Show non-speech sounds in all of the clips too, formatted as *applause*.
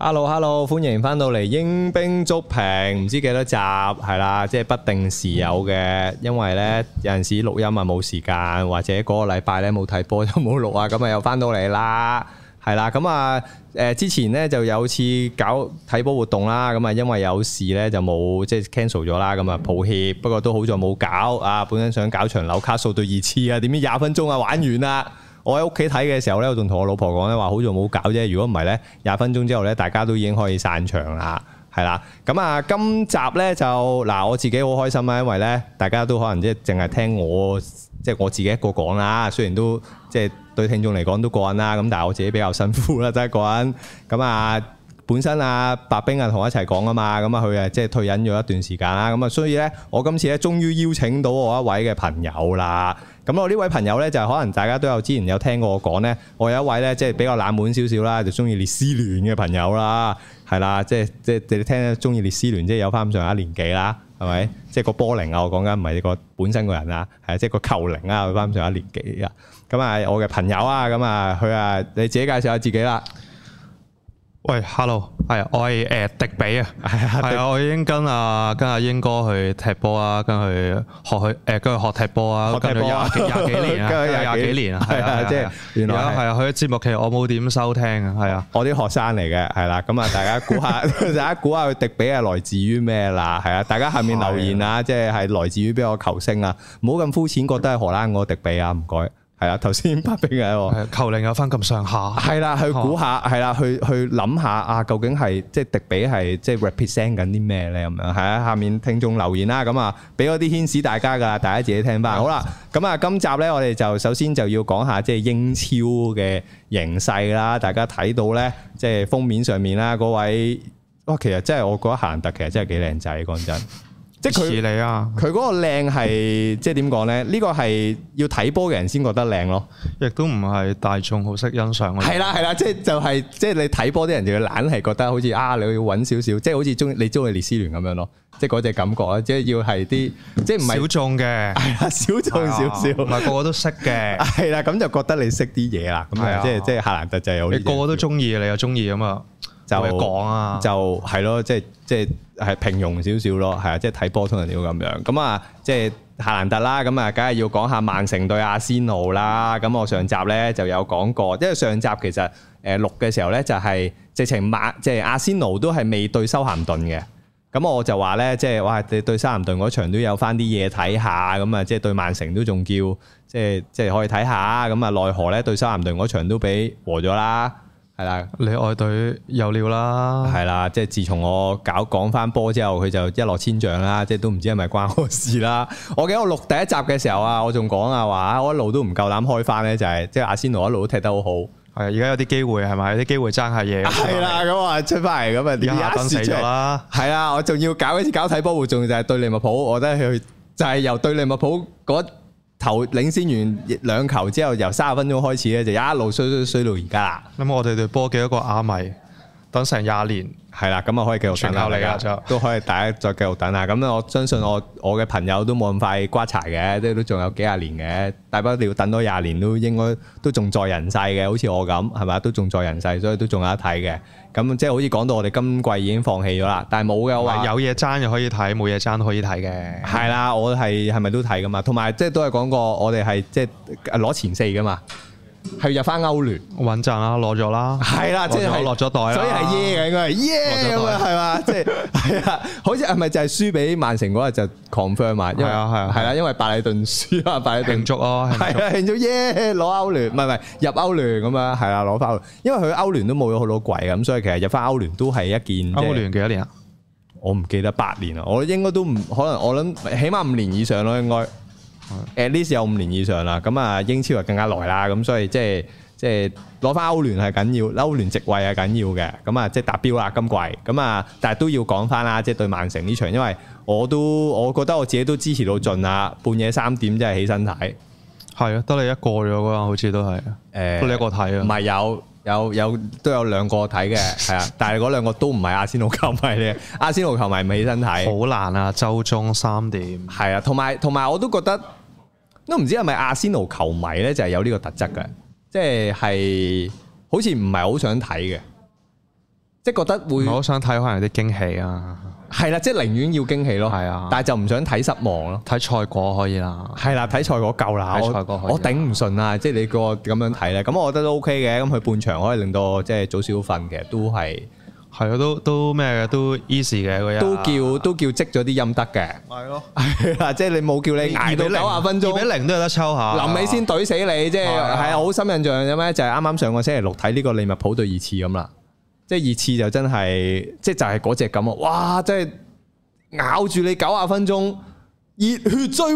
hello hello，歡迎翻到嚟鷹兵足評，唔知幾多集係啦，即係不定時有嘅，因為咧有陣時錄音啊冇時間，或者嗰個禮拜咧冇睇波都冇錄啊，咁啊又翻到嚟啦，係啦，咁啊誒之前咧就有次搞睇波活動啦，咁啊因為有事咧就冇即係 cancel 咗啦，咁啊抱歉，不過都好在冇搞啊，本身想搞場紐卡素對熱刺啊，點知廿分鐘啊玩完啦。我喺屋企睇嘅時候咧，我仲同我老婆講咧，話好似冇搞啫。如果唔係咧，廿分鐘之後咧，大家都已經可以散場啦。係啦，咁啊，今集咧就嗱，我自己好開心啊，因為咧，大家都可能即係淨係聽我即係、就是、我自己一個講啦。雖然都即係、就是、對聽眾嚟講都過癮啦，咁但係我自己比較辛苦啦，真係過癮。咁啊，本身啊，白兵啊同我一齊講啊嘛，咁啊，佢啊即係退隱咗一段時間啦。咁啊，所以咧，我今次咧終於邀請到我一位嘅朋友啦。咁我呢位朋友咧，就可能大家都有之前有聽過我講咧，我有一位咧，即係比較冷門少少啦，就中意列斯聯嘅朋友啦，係啦、就是就是就是就是，即係即係你聽咧，中意列斯聯，即係有翻咁上下年紀啦，係咪？即係個波齡啊，我講緊唔係個本身個人啊，係即係個球齡啊，有翻咁上下年紀啊。咁啊，我嘅朋友啊，咁啊，佢啊，你自己介紹下自己啦。喂，hello，係，我係誒迪比啊，係啊，我已經跟阿跟阿英哥去踢波啊，跟佢學去誒，跟佢學踢波啊，學踢波廿幾年啦，廿幾年啊，係啊，即係，原來係啊，佢嘅節目其實我冇點收聽啊，係啊，我啲學生嚟嘅，係啦，咁啊，大家估下，大家估下，佢迪比係來自於咩啦？係啊，大家下面留言啊，即係係來自於邊個球星啊？唔好咁膚淺，覺得係荷蘭嗰個迪比啊，唔該。係啊，頭先北平嘅，求令有翻咁上下。係啦、啊，去估下，係啦，去去諗下啊，究竟係即係迪比係即係 represent 緊啲咩咧，咁樣？係啊，下面聽眾留言啦，咁啊，俾嗰啲 hint 大家噶，大家自己聽翻。好啦，咁啊，今集咧我哋就首先就要講下即係英超嘅形勢啦。大家睇到咧，即係封面上面啦、啊，嗰位哇，其實真係我覺得咸特其實真係幾靚仔，講真。即係佢，佢嗰個靚係即係點講咧？呢個係要睇波嘅人先覺得靚咯，亦都唔係大眾好識欣賞嘅。係啦，係啦，即係就係即係你睇波啲人就懶係覺得好似啊，你要揾少少，即係好似中意你中意列斯聯咁樣咯，即係嗰隻感覺啊！即係要係啲即係唔係小眾嘅，係啦，小眾少少唔係個個都識嘅，係啦，咁就覺得你識啲嘢啦，咁啊，即係即係夏蘭特就有。你個個都中意，你又中意啊嘛～就講啊，就係咯，即係即係係平庸少少咯，係啊，即係睇波通人料咁樣。咁啊，即係夏蘭特啦，咁啊，梗係要講下曼城對阿仙奴啦。咁我上集咧就有講過，因為上集其實誒錄嘅時候咧就係直情曼即係阿仙奴都係未對修咸頓嘅。咁我就話咧，即係哇對對修咸頓嗰場都有翻啲嘢睇下咁啊，即係對曼城都仲叫即係即係可以睇下。咁啊，奈何咧對修咸頓嗰場都俾和咗啦。係啦，你愛隊有料啦，係啦，即係自從我搞講翻波之後，佢就一落千丈啦，即係都唔知係咪關我事啦。我記得我錄第一集嘅時候啊，我仲講啊話，我一路都唔夠膽開翻咧，就係、是、即係阿仙奴一路都踢得好好。係而家有啲機會係咪？有啲機會爭下嘢。係啦，咁啊吧、嗯、出翻嚟咁啊跌一跌死咗啦。係啊、就是，我仲要搞一次搞睇波，仲要就係對利物浦，我得去，就係、是、由對利物浦頭領先完兩球之後，由三十分鐘開始咧，就一路衰衰衰到而家啦。咁、嗯、我哋隊波幾多個亞米？等成廿年，係啦，咁啊可以繼續等啦，都可以大家再繼續等啊。咁 *laughs* 我相信我我嘅朋友都冇咁快瓜柴嘅，即係都仲有幾廿年嘅。大不了等多廿年都應該都仲在人世嘅，好似我咁，係咪？都仲在人世，所以都仲有得睇嘅。咁即係好似講到我哋今季已經放棄咗啦，但係冇嘅，是我話說有嘢爭就可以睇，冇嘢爭都可以睇嘅。係啦，我係係咪都睇噶嘛？同埋即係都係講過我哋係即係攞前四噶嘛？係入翻歐聯，穩陣啦，攞咗啦，係啦，即係落咗袋啦，所以係耶，應該係耶咁啊，係嘛，即係係啊，好似係咪就係輸俾曼城嗰日就 confirm 埋，係啊係啊，係啦，因為巴里頓輸啊，巴里頓足咯，係啊，變咗耶，攞歐聯，唔係唔係入歐聯咁啊，係啦，攞翻，因為佢歐聯都冇咗好多季咁，所以其實入翻歐聯都係一件，歐聯幾多年啊？我唔記得八年啦，我應該都唔可能，我諗起碼五年以上咯，應該。誒，至少有五年以上啦，咁啊英超啊更加耐啦，咁所以即係即係攞翻歐聯係緊要，歐聯席位係緊要嘅，咁啊即係達標啦今季，咁啊但係都要講翻啦，即係對曼城呢場，因為我都我覺得我自己都支持到盡啦，半夜三點即係起身睇，係啊，得你一個咗噶，好似都係，誒，得你一個睇啊，唔係有有有都有兩個睇嘅，係啊，但係嗰兩個都唔係阿仙奴球迷咧，阿仙奴球迷未起身睇，好難啊，周中三點，係啊，同埋同埋我都覺得。都唔知係咪阿仙奴球迷咧，就係有呢個特質嘅，即係好似唔係好想睇嘅，即係覺得會我想睇可能有啲驚喜啊，係啦，即係寧願要驚喜咯，係啊，但係就唔想睇失望咯。睇賽果可以啦，係啦，睇賽果夠啦，我我頂唔順啊，即係你個咁樣睇咧，咁我覺得都 OK 嘅，咁佢半場可以令到即係早少少瞓嘅，都係。係叫啊，都都咩嘅，都 easy 嘅嗰一，都叫都叫積咗啲陰德嘅。係咯的，啊， *laughs* 即係你冇叫你挨到九啊分鐘，二零都有得抽下。臨尾先懟死你，即係係啊，好深印象有咩，就係啱啱上個星期六睇呢個利物浦對熱刺咁啦，即係熱刺就真係，即係就係嗰隻咁啊！哇，即係咬住你九啊分鐘，熱血追，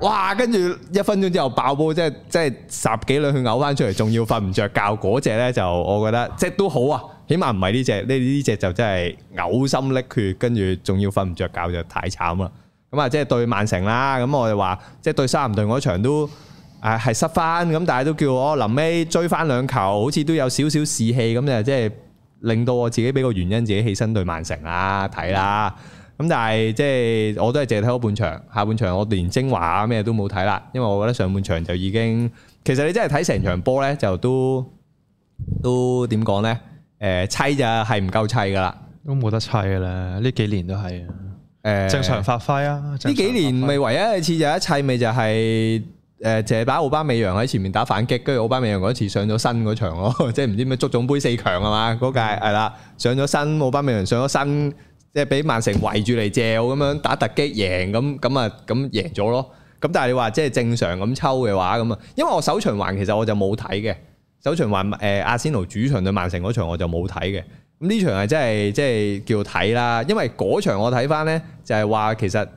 哇！跟住一分鐘之後爆煲，即係即係十幾兩去咬翻出嚟，仲要瞓唔着覺嗰隻咧，就我覺得即係都好啊。起碼唔係呢隻，呢呢隻就真係嘔心瀝血，跟住仲要瞓唔著覺就太慘啦。咁啊，即係對曼城啦，咁我就話，即係對修咸頓嗰場都誒係失翻，咁但係都叫我臨尾追翻兩球，好似都有少少士氣咁就，即係令到我自己俾個原因自己起身對曼城啦睇啦。咁但係即係我都係淨係睇咗半場，下半場我連精華咩都冇睇啦，因為我覺得上半場就已經，其實你真係睇成場波咧，就都都點講咧？誒，砌就係唔夠砌噶啦，都冇得砌噶啦，呢幾年都係誒、呃啊，正常發揮啊！呢幾年咪唯一一次就一砌咪就係誒，淨係擺奧巴美揚喺前面打反擊，跟住奧巴美揚嗰次上咗新嗰場咯，即係唔知咩足總杯四強啊嘛，嗰屆係啦，上咗新奧巴美揚上咗新，即係俾曼城圍住嚟借咁樣打突擊贏咁咁啊，咁贏咗咯。咁但係你話即係正常咁抽嘅話咁啊，因為我首循環其實我就冇睇嘅。首場話誒阿仙奴主場對曼城嗰場我就冇睇嘅，咁呢場係真係即係叫睇啦，因為嗰場我睇翻咧就係、是、話其實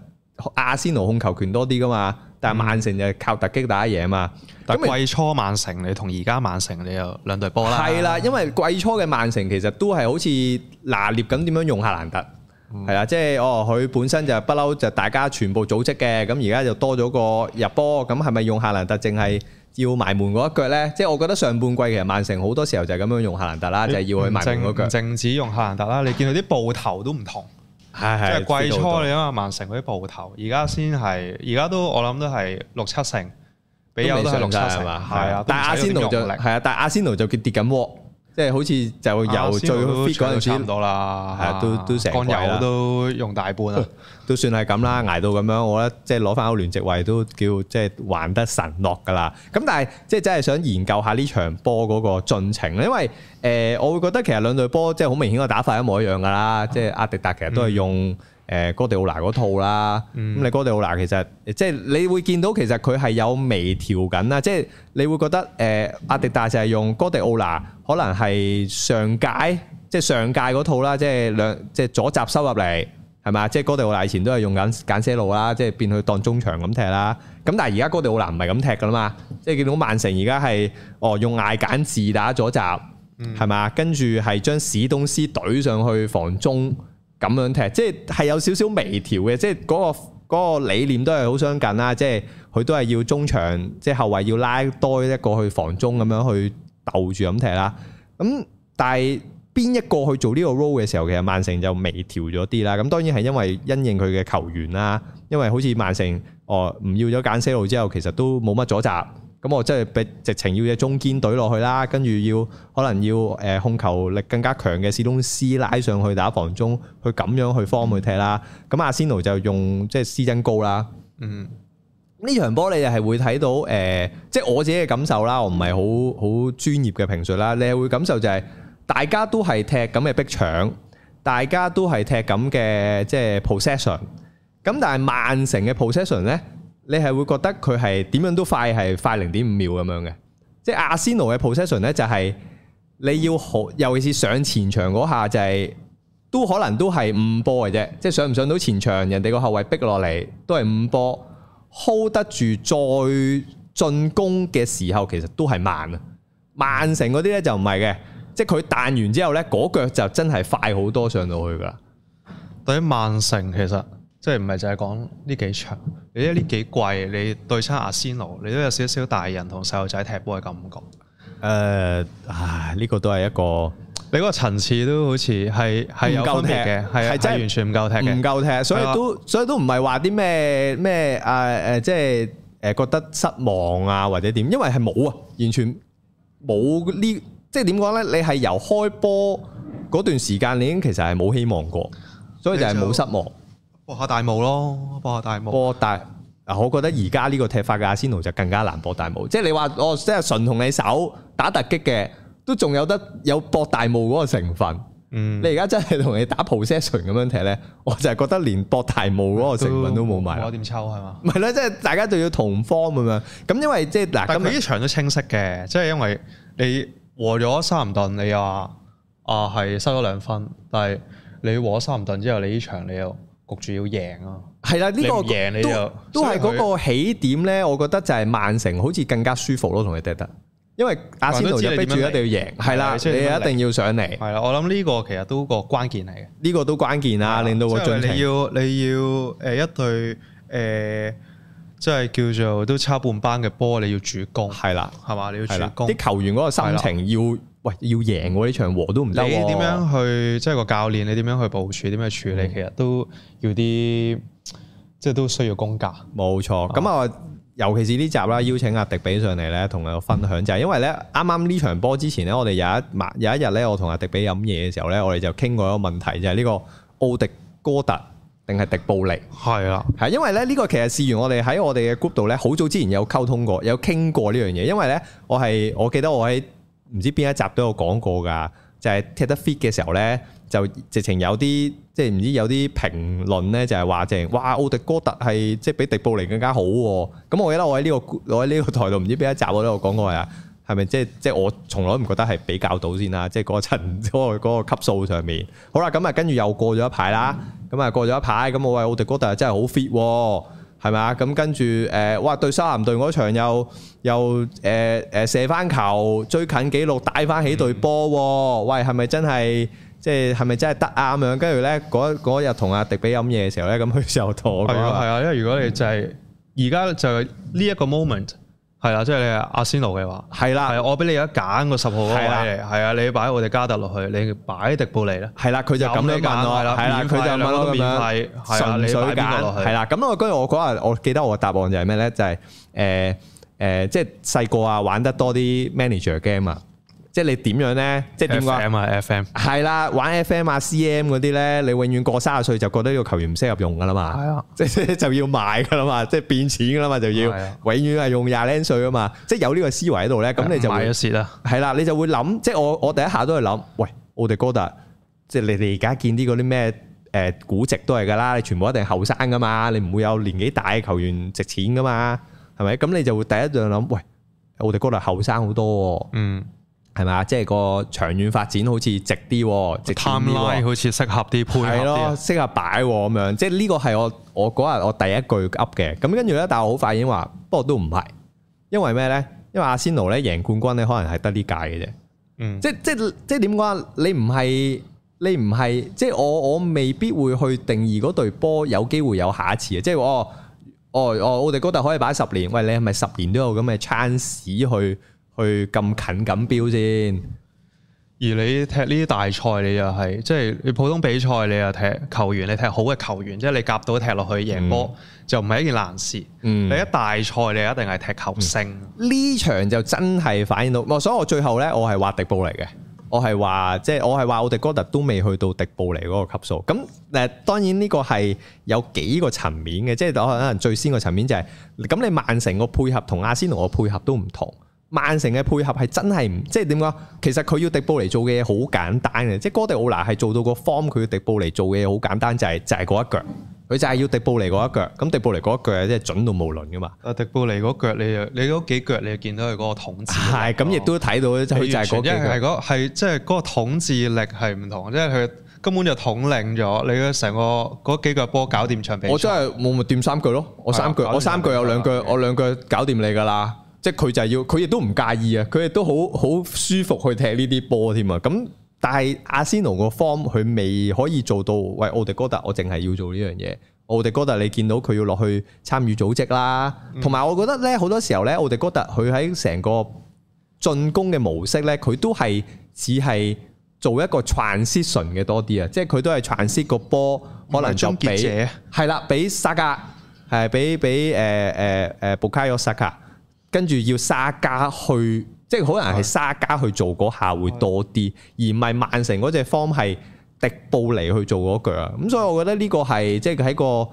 阿仙奴控球權多啲噶嘛，但係曼城就靠突擊打嘢啊嘛。咁季、嗯、初曼城你同而家曼城你有兩隊波啦。係啦、嗯啊，因為季初嘅曼城其實都係好似拿捏緊點樣用夏蘭特，係啦、嗯，即係、啊就是、哦佢本身就不嬲就大家全部組織嘅，咁而家就多咗個入波，咁係咪用夏蘭特淨係？要埋門嗰一腳咧，即係我覺得上半季其實曼城好多時候就係咁樣用夏蘭特啦，你 就係要去埋門嗰腳。正正止用夏蘭特啦，你見到啲報頭都唔同，係係。即係季初你諗下曼城嗰啲報頭，而家先係，而家、嗯、都我諗都係六七成，比友都係六七成係啊，但係阿仙奴就係啊，但係阿仙奴就跌跌緊喎。即係好似就由最 fit 嗰陣時，差唔多啦，係啊，啊都都成罐油都用大半啊、呃，都算係咁啦，捱到咁樣，我覺得即係攞翻歐聯席位都叫即係還得神落㗎啦。咁但係即係真係想研究下呢場波嗰個進程，因為誒、呃，我會覺得其實兩隊波即係好明顯個打法一模一樣㗎啦，啊、即係阿迪達其實都係用。嗯誒哥迪奧拿嗰套啦，咁、嗯、你哥迪奧拿其實即係、就是、你會見到其實佢係有微調緊啦，即、就、係、是、你會覺得誒阿、呃、迪達就係用哥迪奧拿可能係上屆即係上屆嗰套啦，即、就、係、是、兩即係、就是、左閘收入嚟係嘛？即係、就是、哥迪奧拿以前都係用緊簡些路啦，即、就、係、是、變去當中場咁踢啦。咁但係而家哥迪奧拿唔係咁踢噶啦嘛，即係見到曼城而家係哦用艾簡治打左閘係嘛，嗯、跟住係將史東斯懟上去防中。咁樣踢，即係係有少少微調嘅，即係嗰個、嗰個理念都係好相近啦。即係佢都係要中場，即係後衛要拉多一個去防中咁樣去鬥住咁踢啦。咁但係邊一個去做呢個 role 嘅時候，其實曼城就微調咗啲啦。咁當然係因為因應佢嘅球員啦，因為好似曼城哦唔要咗簡西路之後，其實都冇乜阻滯。咁我真係俾直情要嘅中堅隊落去啦，跟住要可能要誒控球力更加強嘅史東斯拉上去打防中，去咁樣去 form 去踢啦。咁阿仙奴就用即係斯珍高啦。嗯，呢場波你就係會睇到誒，即係我自己嘅感受啦，我唔係好好專業嘅評述啦。你係會感受就係大家都係踢咁嘅逼搶，大家都係踢咁嘅即係 possession。咁但係曼城嘅 possession 咧？你係會覺得佢係點樣都快，係快零點五秒咁樣嘅。即係阿仙奴嘅 position 咧，就係你要好，尤其是上前場嗰下就係、是、都可能都係五波嘅啫。即係上唔上到前場，人哋個後衞逼落嚟都係五波，hold 得住再進攻嘅時候其實都係慢啊。曼城嗰啲咧就唔係嘅，即係佢彈完之後咧，嗰腳就真係快好多上到去㗎。對於曼城其實。即係唔係就係講呢幾場，你一呢幾季你對親阿仙奴，你都有少少大人同細路仔踢波嘅感覺。誒、呃，唉，呢、這個都係一個，你嗰個層次都好似係係有分別嘅，係真係、就是、完全唔夠踢嘅，唔夠踢，所以都所以都唔係話啲咩咩誒誒，即係誒覺得失望啊或者點，因為係冇啊，完全冇、就是、呢，即係點講咧？你係由開波嗰段時間，你已經其實係冇希望過，所以就係冇失望。博下大霧咯，博下大霧。博大嗱，我覺得而家呢個踢法嘅阿仙奴就更加難博大霧。就是哦、即係你話我即係純同你手打突擊嘅，都仲有得有博大霧嗰個成分。嗯，你而家真係同你打 position 咁樣踢咧，我就係覺得連博大霧嗰個成分都冇埋。我點抽係嘛？唔係咧，即係大家都要同 form 咁樣。咁因為即係嗱，但佢呢場都清晰嘅，即係因為你和咗三林頓，你又啊係收咗兩分，但係你和三林頓之後，你呢場你又。焗住要贏咯，係啦，呢個贏你又都係嗰個起點咧。我覺得就係曼城好似更加舒服咯，同佢踢得，因為阿仙奴就逼住一定要贏，係啦，你一定要上嚟。係啦，我諗呢個其實都個關鍵嚟嘅，呢個都關鍵啊，令到個進程。因為你要你要誒一隊誒，即係叫做都差半班嘅波，你要主攻，係啦，係嘛？你要主攻啲球員嗰個心情要。喂，要贏喎，呢場和都唔得，啊、你點樣去即係、就是、個教練？你點樣去部署？點樣處理？嗯、其實都要啲，即係都需要功架。冇錯錯。咁啊、嗯，尤其是呢集啦，邀請阿迪比上嚟咧，同我分享就係、是、因為咧，啱啱呢場波之前咧，我哋有一晚有一日咧，我同阿迪比飲嘢嘅時候咧，我哋就傾過一個問題，就係、是、呢個奧迪哥特定係迪布尼。係啦、啊，係因為咧，呢個其實事源我哋喺我哋嘅 group 度咧，好早之前有溝通過，有傾過呢樣嘢。因為咧，我係我記得我喺。唔知邊一集都有講過㗎，就係踢得 fit 嘅時候咧，就直情有啲即係唔知有啲評論咧，就係話，即係哇奧迪哥特係即係比迪布尼更加好喎。咁我記得我喺呢個我喺呢個台度，唔知邊一集我都有講過呀？係咪即係即係我從來唔覺得係比較到先啦？即係嗰層嗰個級數上面。好啦，咁啊跟住又過咗一排啦，咁啊過咗一排，咁我話奧迪哥特真係好 fit 喎。係咪啊？咁跟住誒，哇！對沙林隊嗰場又又誒誒、呃、射翻球，最近紀錄帶翻起隊波喎。嗯、喂，係咪真係即係係咪真係得啱樣？跟住咧嗰日同阿迪比飲嘢嘅時候咧，咁佢就妥㗎。係啊，係啊，因為如果你就係而家就係呢一個 moment。係啦，即係你阿仙奴嘅話，係啦的，係我俾你而家揀個十號嗰位係啊的，你要擺我哋加特落去，你擺迪布尼咧，係啦，佢就咁樣問咯，係啦的，佢就問咯咁樣，順水揀，係啦費，咁費我嗰日我記得我嘅答案就係咩咧，就係誒誒，即係細個啊玩得多啲 manager game 啊。即係你點樣咧？啊、即係點講？係啦 FM，玩 F M 啊 C M 嗰啲咧，你永遠過卅歲就覺得呢個球員唔適合用噶啦嘛。係啊，即係就要賣噶啦嘛，即係變錢噶啦嘛，就要是的 永遠係用廿零歲噶嘛。即係有呢個思維喺度咧，咁的你就係啦，你就會諗，即係我我第一下都係諗，喂，奧迪哥達，即係你你而家見啲嗰啲咩誒估值都係噶啦，你全部一定後生噶嘛，你唔會有年紀大嘅球員值錢噶嘛，係咪？咁你就會第一就諗，喂，奧迪哥達後生好多，嗯。係咪？即係個長遠發展好似直啲，直拉好似適合啲配合啲，適合擺咁樣。即係呢個係我我嗰日我第一句噏嘅。咁跟住咧，但係我好快已經話，不過都唔係，因為咩咧？因為阿仙奴咧贏冠軍咧，可能係得呢屆嘅啫。嗯，即，即即即點講啊？你唔係你唔係，即係我我未必會去定義嗰隊波有機會有下一次嘅。即係話哦哦我哋嗰度可以擺十年。喂，你係咪十年都有咁嘅 chance 去？去咁近咁標先，而你踢呢啲大賽，就是，你又係即係你普通比賽，你又踢球員，你踢好嘅球員，即、就、係、是、你夾到踢落去贏波，就唔係一件難事。嗯，你一大賽，你一定係踢球星。呢、嗯、場就真係反映到，所以我最後咧，我係話迪布尼嘅，我係話即係我係話我哋哥特都未去到迪布尼嗰個級數。咁誒，當然呢個係有幾個層面嘅，即係可能最先個層面就係、是、咁，你曼城個配合同阿仙奴個配合都唔同。曼城嘅配合係真係唔，即係點講？其實佢要迪布尼做嘅嘢好簡單嘅，即係哥迪奧拿係做到個 form，佢要迪布尼做嘅嘢好簡單，就係就係嗰一腳，佢就係要迪布尼嗰一腳。咁迪布尼嗰一腳即係準到無倫噶嘛？迪布尼嗰腳，你你嗰幾腳你見到佢嗰個統治係咁，亦都睇到佢就係嗰幾腳係即係嗰個統治力係唔同，即係佢根本就統領咗你嘅成個嗰幾腳波搞掂場。我真係冇掂三腳咯，我三腳我三腳有兩腳，我兩腳搞掂你噶啦。即係佢就係要，佢亦都唔介意啊！佢亦都好好舒服去踢呢啲波添啊！咁但係阿仙奴個 form 佢未可以做到，喂奧迪哥特，我淨係要做呢樣嘢。奧迪哥特你見到佢要落去參與組織啦，同埋我覺得咧好多時候咧，奧迪哥特佢喺成個進攻嘅模式咧，佢都係只係做一個 transition 嘅多啲啊！即係佢都係 transition 個波，可能終結者係啦，俾沙卡係俾俾誒誒誒布卡約沙卡。跟住要沙加去，即係可能係沙加去做嗰下會多啲，而唔係曼城嗰隻方係迪布尼去做嗰句啊。咁所以我覺得呢個係即係喺個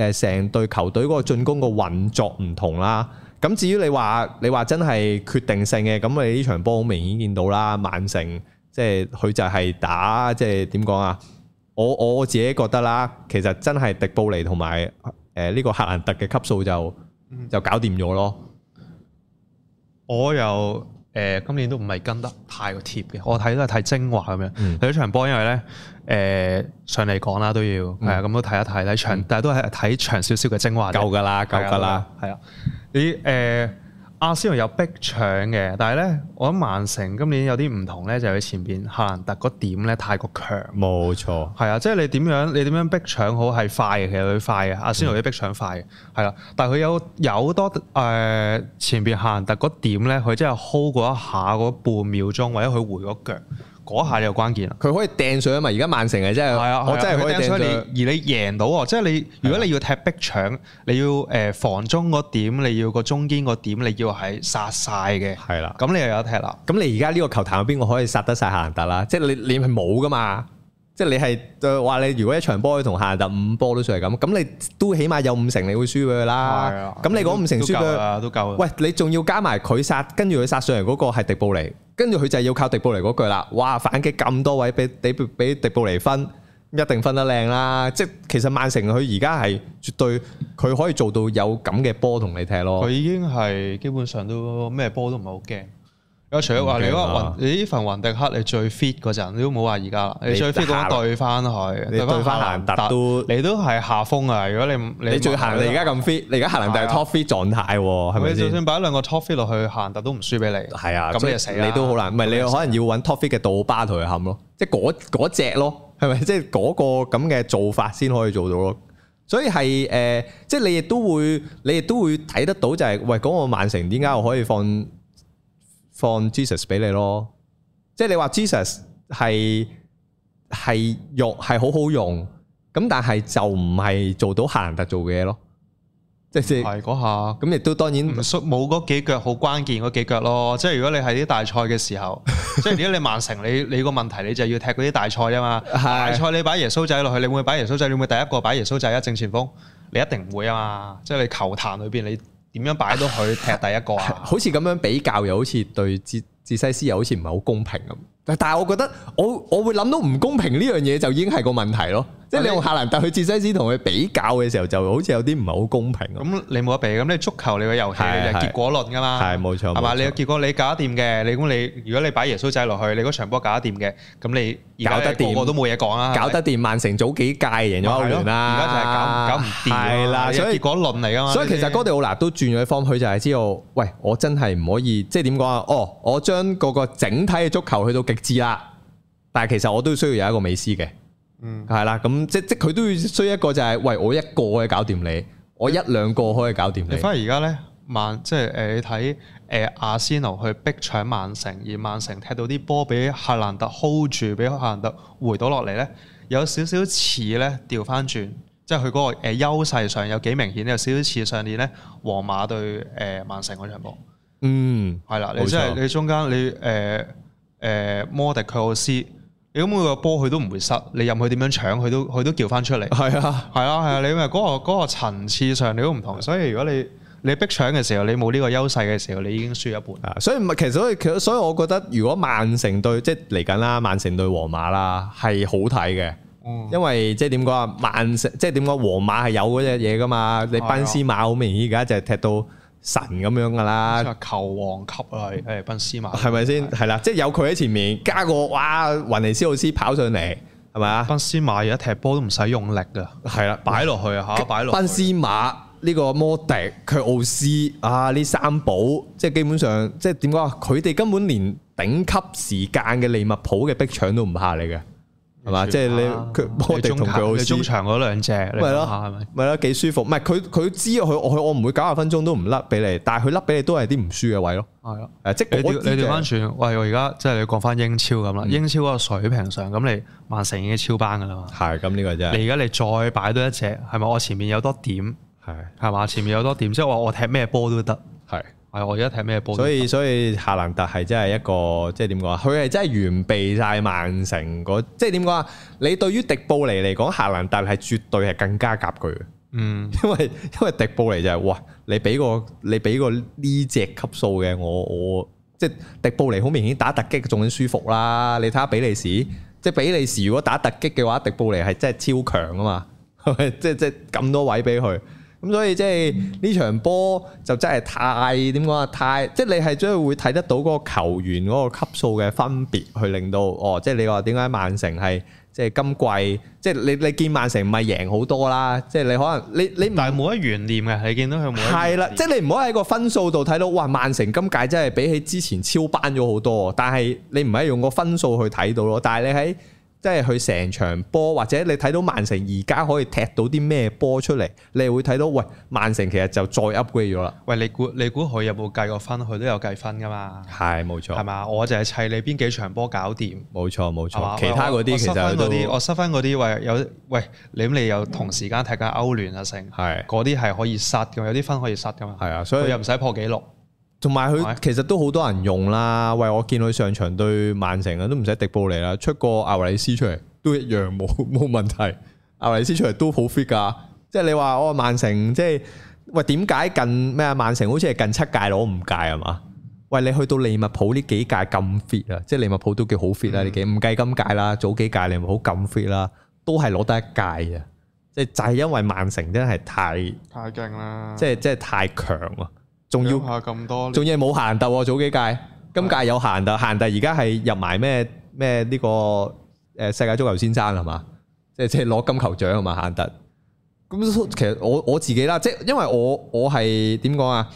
誒成隊球隊嗰個進攻個運作唔同啦。咁至於你話你話真係決定性嘅，咁你呢場波好明顯見到啦。曼城即係佢就係打即係點講啊？我我自己覺得啦，其實真係迪布尼同埋誒呢個夏蘭特嘅級數就就搞掂咗咯。我又誒、呃、今年都唔係跟得太過貼嘅，我睇都係睇精華咁樣。睇咗場波，因為咧誒、呃、上嚟講啦，都要係啊，咁都睇一睇咧長，嗯、但係都係睇長少少嘅精華夠。夠㗎喇，夠㗎喇，係啊，你、欸、誒。呃阿仙奴有逼搶嘅，但係咧，我諗曼城今年有啲唔同咧，就係、是、佢前邊夏蘭特嗰點咧太過強。冇錯，係啊，即係你點樣，你點樣逼搶好係快嘅，其實佢快嘅，阿仙奴啲逼搶快嘅，係啦，但係佢有有好多誒、呃、前邊夏蘭特嗰點咧，佢真係 hold 過一下嗰半秒鐘，或者佢回個腳。嗰下就關鍵啦，佢可以掟上去嘛？而家曼城係真係，啊啊、我真係可以掟上，去以上去。而你贏到，即係你，啊、如果你要踢逼搶，你要防中個點，你要個中堅個點，你要係殺曬嘅。咁、啊、你又有踢啦。咁你而家呢個球壇有邊個可以殺得曬夏蘭特啦？即係你，你係冇㗎嘛？即係你係話你如果一場波佢同下人打五波都算係咁，咁你都起碼有五成，你會輸俾佢啦。咁你講五成輸嘅都夠，喂，你仲要加埋佢殺，跟住佢殺上嚟嗰個係迪布尼，跟住佢就係要靠迪布尼嗰句啦。哇，反擊咁多位俾俾俾迪布尼分，一定分得靚啦。即係其實曼城佢而家係絕對佢可以做到有咁嘅波同你踢咯。佢已經係基本上都咩波都唔係好驚。除有除咗話你個雲，你呢份雲迪克你最 fit 嗰陣，你都，你都冇話而家啦，你最 fit 嗰對翻去，你對翻夏蘭特都，你都係下風啊！如果你你，你最行，的你而家咁 fit，你而家夏蘭特 top fit 狀態係咪就算擺一兩個 top fit 落去，夏蘭特都唔輸俾你。係啊，咁你就死啦！你都好難，唔係你可能要揾 top fit 嘅杜巴同佢冚咯，即係嗰嗰隻咯，係咪？即係嗰個咁嘅做法先可以做到咯。所以係誒，即係你亦都會，你亦都會睇得到就係，喂，講我曼城點解我可以放？放 Jesus 俾你咯，即係你話 Jesus 係係用係好好用，咁但係就唔係做到夏蘭特做嘅嘢咯。即係係嗰下，咁亦都當然冇嗰幾腳好關鍵嗰幾腳咯。即係如果你係啲大賽嘅時候， *laughs* 即係如果你曼城，你你個問題你就要踢嗰啲大賽啊嘛。大賽 *laughs* 你擺耶穌仔落去，你會唔會擺耶穌仔，你會唔會第一個擺耶穌仔啊？正前鋒，你一定唔會啊嘛。即係你球壇裏邊你。點樣擺到去踢第一個啊？ *laughs* 好似咁樣比較，又好似對哲哲西斯，又好似唔係好公平咁。但係我覺得我我會諗到唔公平呢樣嘢就已經係個問題咯，即係你用夏蘭特去傑西斯同佢比較嘅時候，就好似有啲唔係好公平。咁你冇得避，咁你足球你個遊戲係結果論㗎嘛？係冇錯，係嘛？你個結果你搞得掂嘅，你咁你如果你擺耶穌仔落去，你嗰場波搞得掂嘅，咁你搞得掂，我都冇嘢講啊！搞得掂，曼城早幾屆贏咗歐聯啦，而家就係搞搞唔掂，係啦，所以結果論嚟㗎嘛。所以其實哥迪奧拿都轉咗一方，佢就係知道，喂，我真係唔可以，即係點講啊？哦，我將嗰個整體嘅足球去到極。知啦，但係其實我都需要有一個美斯嘅，嗯，係啦，咁即即佢都要需一個就係、是，喂，我一個可以搞掂你，我一兩個可以搞掂你。反而而家咧，曼即係誒，你睇誒，阿仙奴去逼搶曼城，而曼城踢到啲波俾夏蘭特 hold 住，俾夏蘭特回到落嚟咧，有少少似咧調翻轉，即係佢嗰個誒優勢上有幾明顯，有少少似上年咧，皇馬對誒曼城嗰場波，嗯，係啦，你即、就、係、是、沒錯 你中間你誒。呃呃誒、欸、摩迪佢奧斯，你咁佢個波佢都唔會失，你任佢點樣搶，佢都佢都叫翻出嚟。係啊，係啊，係啊，你因為嗰個層次上你都唔同，啊、所以如果你你逼搶嘅時候，你冇呢個優勢嘅時候，你已經輸一半。啊、所以唔係，其實所以其實所以，我覺得如果曼城對即係嚟緊啦，曼城對皇馬啦係好睇嘅，嗯、因為即係點講啊，曼城即係點講，皇馬係有嗰隻嘢噶嘛，你班斯馬好明顯而家就係踢到。神咁樣噶、嗯、啦，球王級啊，誒，賓斯馬係咪先？係啦，即係有佢喺前面，加個哇，雲尼斯奧斯跑上嚟，係咪啊？賓斯馬而家踢波都唔使用力噶，係啦，擺落去吓，擺落。賓斯馬呢個摩迪佢奧斯啊，呢三寶，即係基本上，即係點講啊？佢哋根本連頂級時間嘅利物浦嘅逼搶都唔怕你嘅。係嘛？即係你佢中我你中場嗰兩隻咪咯，咪咯，幾舒服。唔係佢佢知佢我我唔會九十分鐘都唔甩俾你，但係佢甩俾你都係啲唔輸嘅位咯。係咯的，即係你調你調翻轉，喂，我而家即係你講翻英超咁啦，英超嗰個水平上，咁、嗯、你曼城已經超班噶啦嘛。係，咁呢個啫，你而家你再擺多一隻，係咪？我前面有多點，係係嘛？前面有多點，即係話我踢咩波都得。係，哎，我而家睇咩波？所以所以，夏蘭特係真係一個，即係點講啊？佢係真係完備晒曼城嗰，即係點講啊？你對於迪布尼嚟講，夏蘭特係絕對係更加夾佢，嗯，因為因為迪布尼就係、是，哇，你俾個你俾個呢隻級數嘅，我我即係迪布尼好明顯打突擊仲咁舒服啦，你睇下比利時，即係比利時如果打突擊嘅話，迪布尼係真係超強啊嘛，即係即係咁多位俾佢。咁所以即係呢場波就真係太點講啊，太即係你係真係會睇得到嗰個球員嗰個級數嘅分別，去令到哦，即係你話點解曼城係即係今季即係你你見曼城唔係贏好多啦，即係你可能你你唔係冇得懸念嘅，你見到佢冇係啦，了即係你唔好喺個分數度睇到，哇，曼城今屆真係比起之前超班咗好多，但係你唔係用個分數去睇到咯，但係你喺。即係佢成場波，或者你睇到曼城而家可以踢到啲咩波出嚟，你會睇到，喂，曼城其實就再 upgrade 咗啦。喂，你估你估佢有冇計過分？佢都有計分噶嘛。係，冇錯。係嘛？我就係砌你邊幾場波搞掂。冇錯冇錯，其他嗰啲其實我失分嗰啲，我失分嗰啲，喂，有喂，你咁你又同時間踢緊歐聯啊成，係嗰啲係可以失噶嘛。有啲分可以失噶嘛。係啊，所以又唔使破記錄。同埋佢其實都好多人用啦，喂，我見佢上場對曼城啊，都唔使迪布尼啦，出過阿維里斯出嚟都一樣，冇冇問題。阿維里斯出嚟都好 fit 噶，即係你話哦，曼城即係喂，點解近咩啊？曼城好似係近七屆攞五屆係嘛？喂，你去到利物浦呢幾屆咁 fit 啊？即係利物浦都叫好 fit 啊？呢幾唔計今屆啦，早幾屆你咪好咁 fit 啦，都係攞得一屆啊！即係就係因為曼城真係太太勁啦，即係即係太強啊！仲要仲嘢冇夏蘭特，早幾屆，今屆有夏蘭特，夏蘭特而家係入埋咩咩呢個誒世界足球先生係嘛？即係即係攞金球獎啊嘛夏蘭特。咁其實我我自己啦，即係因為我我係點講啊？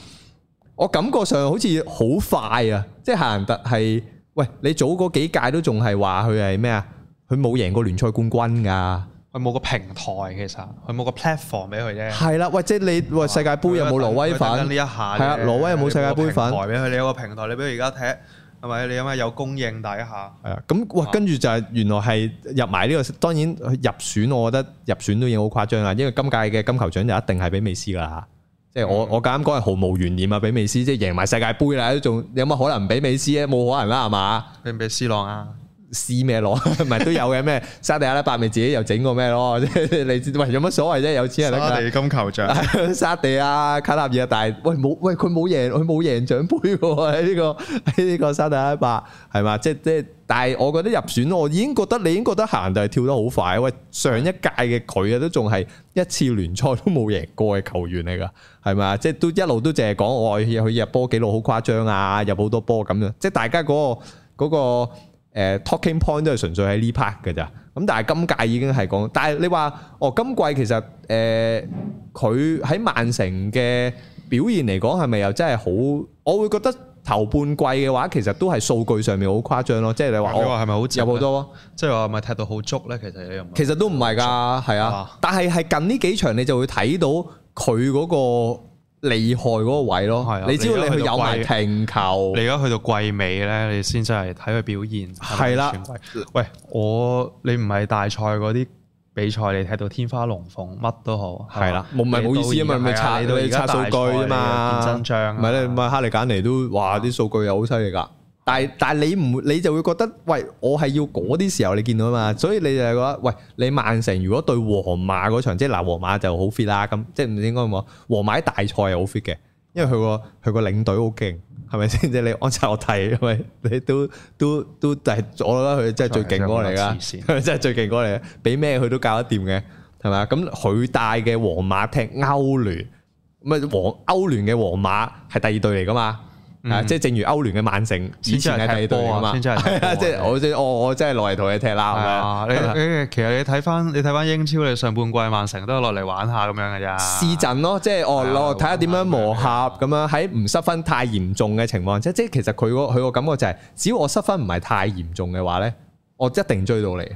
我感覺上好似好快啊！即係夏蘭特係喂，你早嗰幾屆都仲係話佢係咩啊？佢冇贏過聯賽冠軍噶。冇個平台，其實佢冇個 platform 俾佢啫。係啦，喂，即係你喂世界杯有冇挪威粉，係啊，挪威有冇世界杯粉。台俾佢，你有個平台，你俾佢而家睇，係咪？你有咩有供應？大家下。係啊，咁哇，跟住就係原來係入埋呢個，當然入選，我覺得入選都已經好誇張啦。因為今屆嘅金球獎就一定係俾美斯噶啦，即係我我咁啱講係毫無懸念啊，俾美斯，即係贏埋世界杯啦，都仲有乜可能唔俾美斯啊？冇可能啦，係嘛？俾唔俾 C 朗啊？試咩咯？唔係 *laughs* 都有嘅咩？沙地阿拉伯咪自己又整過咩咯？你 *laughs* 知喂有乜所謂啫？有錢人沙地金球獎， *laughs* 沙地啊卡納爾，但係喂，冇，喂佢冇贏，佢冇贏獎杯喎！喺呢、這個喺呢個沙地阿拉伯，係嘛？即、就、即、是、但係我覺得入選我已經覺得你已經覺得行就係跳得好快喂，上一屆嘅佢啊都仲係一次聯賽都冇贏過嘅球員嚟噶，係嘛？即、就是、都一路都淨係講我入去入波記錄好誇張啊，入好多波咁樣，即、就是、大家嗰、那個個。那個那個誒 talking point 都係純粹喺呢 part 嘅咋，咁但係今屆已經係講，但係你話哦今季其實誒佢喺曼城嘅表現嚟講係咪又真係好？我會覺得頭半季嘅話其實都係數據上面好誇張咯，即係你話我係咪好有好多？即係話咪踢到好足咧？其實你又其實都唔係㗎，係啊，但係係近呢幾場你就會睇到佢嗰個。厲害嗰個位咯的，你知唔知你去有埋停球？你而家去到季尾咧，你先真係睇佢表現。係啦的，喂，我你唔係大賽嗰啲比賽，你睇到天花龍鳳乜都好。係啦的，冇咪冇意思啊嘛，咪查你而家數據啊嘛，唔係你唔係哈利簡尼都，哇啲數據又好犀利噶。但係，但係你唔，你就會覺得，喂，我係要嗰啲時候你見到啊嘛，所以你就係覺得，喂，你曼城如果對皇馬嗰場，即係嗱，皇馬就好 fit 啦，咁即係唔應該嘛？皇馬啲大賽係好 fit 嘅，因為佢個佢個領隊好勁，係咪先？即係你按照我睇，係咪？你都都都就係我覺得佢真係最勁嗰個嚟噶，係咪真係最勁嗰個嚟？俾咩佢都搞得掂嘅，係咪啊？咁佢帶嘅皇馬踢歐聯，乜皇歐聯嘅皇馬係第二隊嚟噶嘛？係，即係正如歐聯嘅曼城，以前嘅踢波啊嘛，即係我我真係落嚟同你踢啦。係啊，你其實你睇翻你睇翻英超，你上半季曼城都落嚟玩下咁樣噶咋？試陣咯，即係哦，睇下點樣磨合，咁樣喺唔失分太嚴重嘅情況，即係即係其實佢個佢個感覺就係，只要我失分唔係太嚴重嘅話咧，我一定追到你。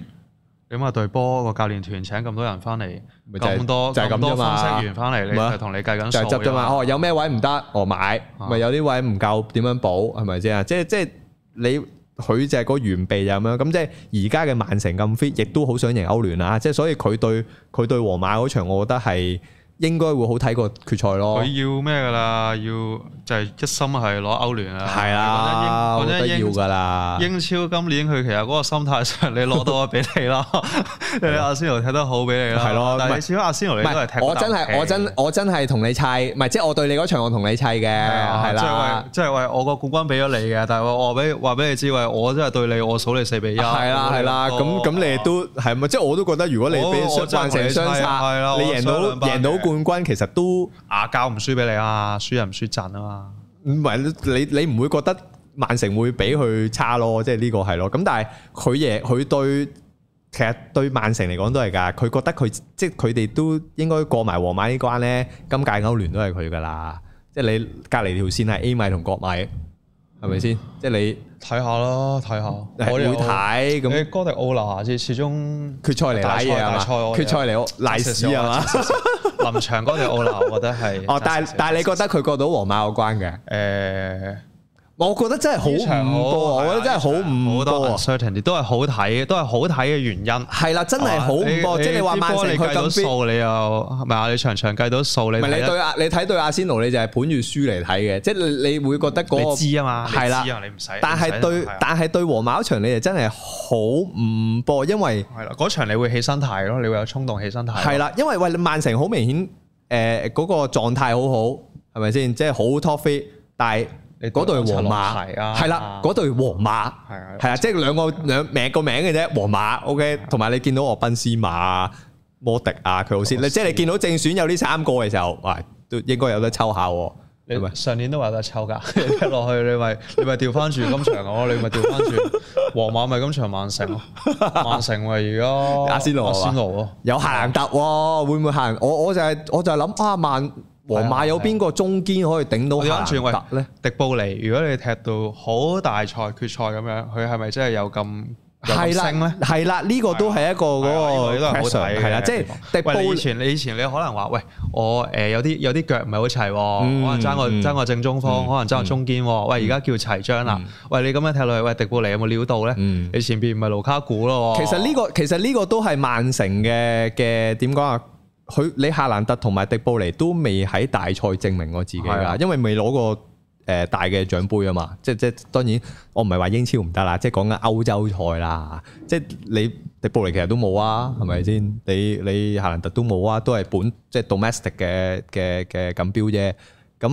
咁啊，隊波個教練團請咁多人翻嚟。是就咁多，就咁多方式完翻嚟，咪同你計緊數啫嘛。哦，有咩位唔得，哦買，咪、啊、有啲位唔夠，點樣補係咪先啊？即係即係你佢就係個完備，就咁樣。咁即係而家嘅曼城咁 fit，亦都好想贏歐聯啊！即係所以佢對佢對皇馬嗰場，我覺得係。應該會好睇過決賽咯。佢要咩噶啦？要就係一心係攞歐聯啦。係啊，好得要噶啦。英超今年佢其實嗰個心態上，你攞到我，俾你啦。你阿仙奴踢得好，俾你啦，係咯。但係小阿仙奴你都係踢我真係我真我真係同你砌，唔係即係我對你嗰場我同你砌嘅，係啦。即係喂我個冠軍俾咗你嘅，但係我話俾話俾你知，喂，我真係對你，我數你四比一。係啦係啦，咁咁你都係咪？即係我都覺得如果你俾出成雙你贏到贏到冠。冠軍其實都亞交唔輸俾你啊，輸人唔輸陣啊嘛，唔係你你唔會覺得曼城會比佢差咯？即係呢個係咯。咁但係佢亦佢對其實對曼城嚟講都係噶，佢覺得佢即係佢哋都應該過埋皇馬呢關咧。今屆歐聯都係佢噶啦，即係你隔籬條線係 A 米同國米，係咪先？即係你睇下啦，睇下我會睇咁。哥迪奧拉始始終決賽嚟瀨嘢係嘛？決賽嚟瀨屎係嘛？林祥哥就我啦，我覺得係。哦，但係你覺得佢過到皇馬個關嘅？嗯我覺得真係好唔多，我覺得真係好唔多 certainly 都係好睇，嘅，都係好睇嘅原因。係啦、啊，真係好唔多。即係、哎、你話曼城佢計到數你、啊，你又唔係話你長長計到數。你唔你對阿你睇對阿仙奴，你就係本住書嚟睇嘅。即係你你會覺得嗰、嗰個知啊嘛。係啦，你唔使。但係對但係對皇馬場，你就真係好唔播，因為係嗰場你會起身態咯，你會有衝動起身態。係啦，因為喂，曼城好明顯誒嗰個狀態好好，係咪先？即係好 top fit，但係。嗰對皇馬係啦，嗰對皇馬係啊，即係兩個兩名個名嘅啫。皇馬 OK，同埋你見到阿賓斯馬、摩迪啊，佢好先。你即係你見到正選有呢三個嘅時候，喂，都應該有得抽下。上年都話得抽㗎，落去你咪你咪調翻轉金場咯，你咪調翻轉皇馬咪金場曼城咯，曼城喎，而家阿仙奴啊，阿仙奴有行得喎，會唔會行？我我就係我就係諗啊萬。皇馬有邊個中堅可以頂到難達咧迪布尼，如果你踢到好大賽決賽咁樣，佢係咪真係有咁係升咧係啦，呢個都係一個嗰個 pressure。係啦，即係迪布。你以前你以前你可能話喂，我誒有啲有啲腳唔係好齊，可能爭我爭我正中鋒，可能爭我中堅。喂，而家叫齊章啦。喂，你咁樣踢落去，喂，迪布尼有冇料到咧你前邊唔係盧卡古咯？其實呢個其實呢個都係曼城嘅嘅點講啊？佢你夏蘭特同埋迪布尼都未喺大賽證明我自己噶，的因為未攞過誒、呃、大嘅獎杯啊嘛，即即當然我唔係話英超唔得啦，即係講緊歐洲賽啦，即係你迪布尼其實都冇啊，係咪先？你你夏蘭特都冇啊，都係本即係 domestic 嘅嘅嘅錦標啫，咁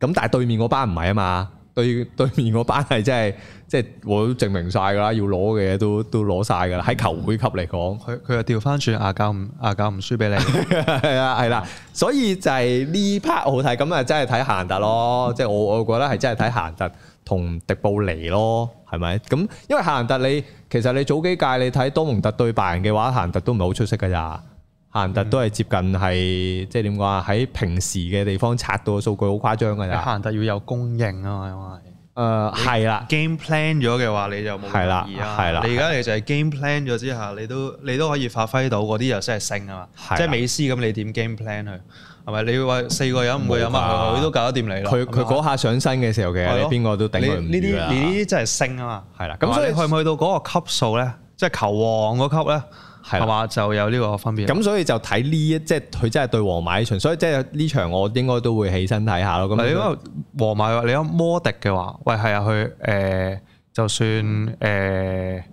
咁但係對面嗰班唔係啊嘛，對對面嗰班係真係。即係我都證明晒㗎啦，要攞嘅嘢都都攞晒㗎啦。喺球會級嚟講，佢佢又調翻轉阿教唔阿教唔輸俾你係啊，係啦。 *laughs* 嗯、所以就係呢 part 好睇，咁啊真係睇夏蘭特咯。嗯、即係我我覺得係真係睇夏蘭特同迪布尼咯，係咪？咁因為夏蘭特你其實你早幾屆你睇多蒙特對拜仁嘅話，夏蘭特都唔係好出色㗎咋。夏蘭特都係接近係即係點講啊？喺平時嘅地方刷到嘅數據好誇張㗎咋。夏蘭特要有供應啊嘛。誒係啦，game plan 咗嘅話你就冇意義啦。你而家其實係 game plan 咗之下，你都你都可以發揮到嗰啲，又真係升啊嘛。是的 即係美斯咁，你點 game plan 佢？係咪你話四個人唔會有乜，佢都搞得掂你啦。佢佢嗰下上身嘅時候嘅，邊個、啊、都頂唔住。呢啲呢啲真係升啊嘛。係啦，咁所以去唔去到嗰個級數咧？即係球王嗰級咧？係嘛，就有呢個分別。咁所以就睇呢一，即係佢真係對皇馬呢場。所以即係呢場，我應該都會起身睇下咯。咁，你如果皇馬，你如果摩迪嘅話，喂，係啊，佢誒、呃，就算誒、呃、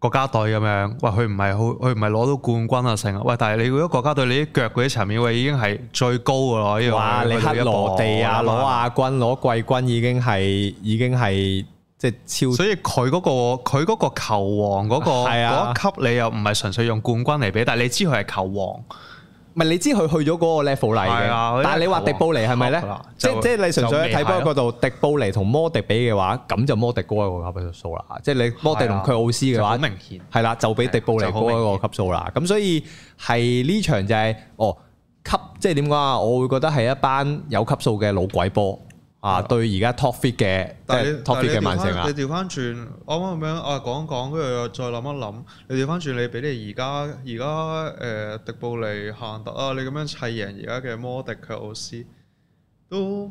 國家隊咁樣，喂，佢唔係好，佢唔係攞到冠軍啊成啊。喂，但係你如果國家隊，你啲腳嗰啲層面，喂哇、啊，已經係最高噶咯。呢個哇，你克羅地亞攞亞軍、攞季軍已經係已經係。即係超，所以佢嗰、嗰個佢嗰個球王嗰、嗰個嗰、啊、一級你又唔係純粹用冠軍嚟比，但係你知佢係球王，唔係你知佢去咗嗰個 level 嚟嘅。啊、但係你話迪布尼係咪咧？即即係你純粹睇波嗰度，迪布尼同摩迪比嘅話，咁就摩迪高一個級數啦、就是哦。即係你摩迪同佢奧斯嘅話，好明顯係啦，就比迪布尼高一個級數啦。咁所以係呢場就係哦級，即係點講啊？我會覺得係一班有級數嘅老鬼波。啊！對而家 top fit 嘅，但你即係 top fit 嘅曼城啊！你調翻轉，啱啱咁樣，我講講，跟住再諗一諗。你調翻轉，你俾你而家而家誒迪布尼行特，啊！你咁樣砌贏而家嘅摩迪卻奧斯，都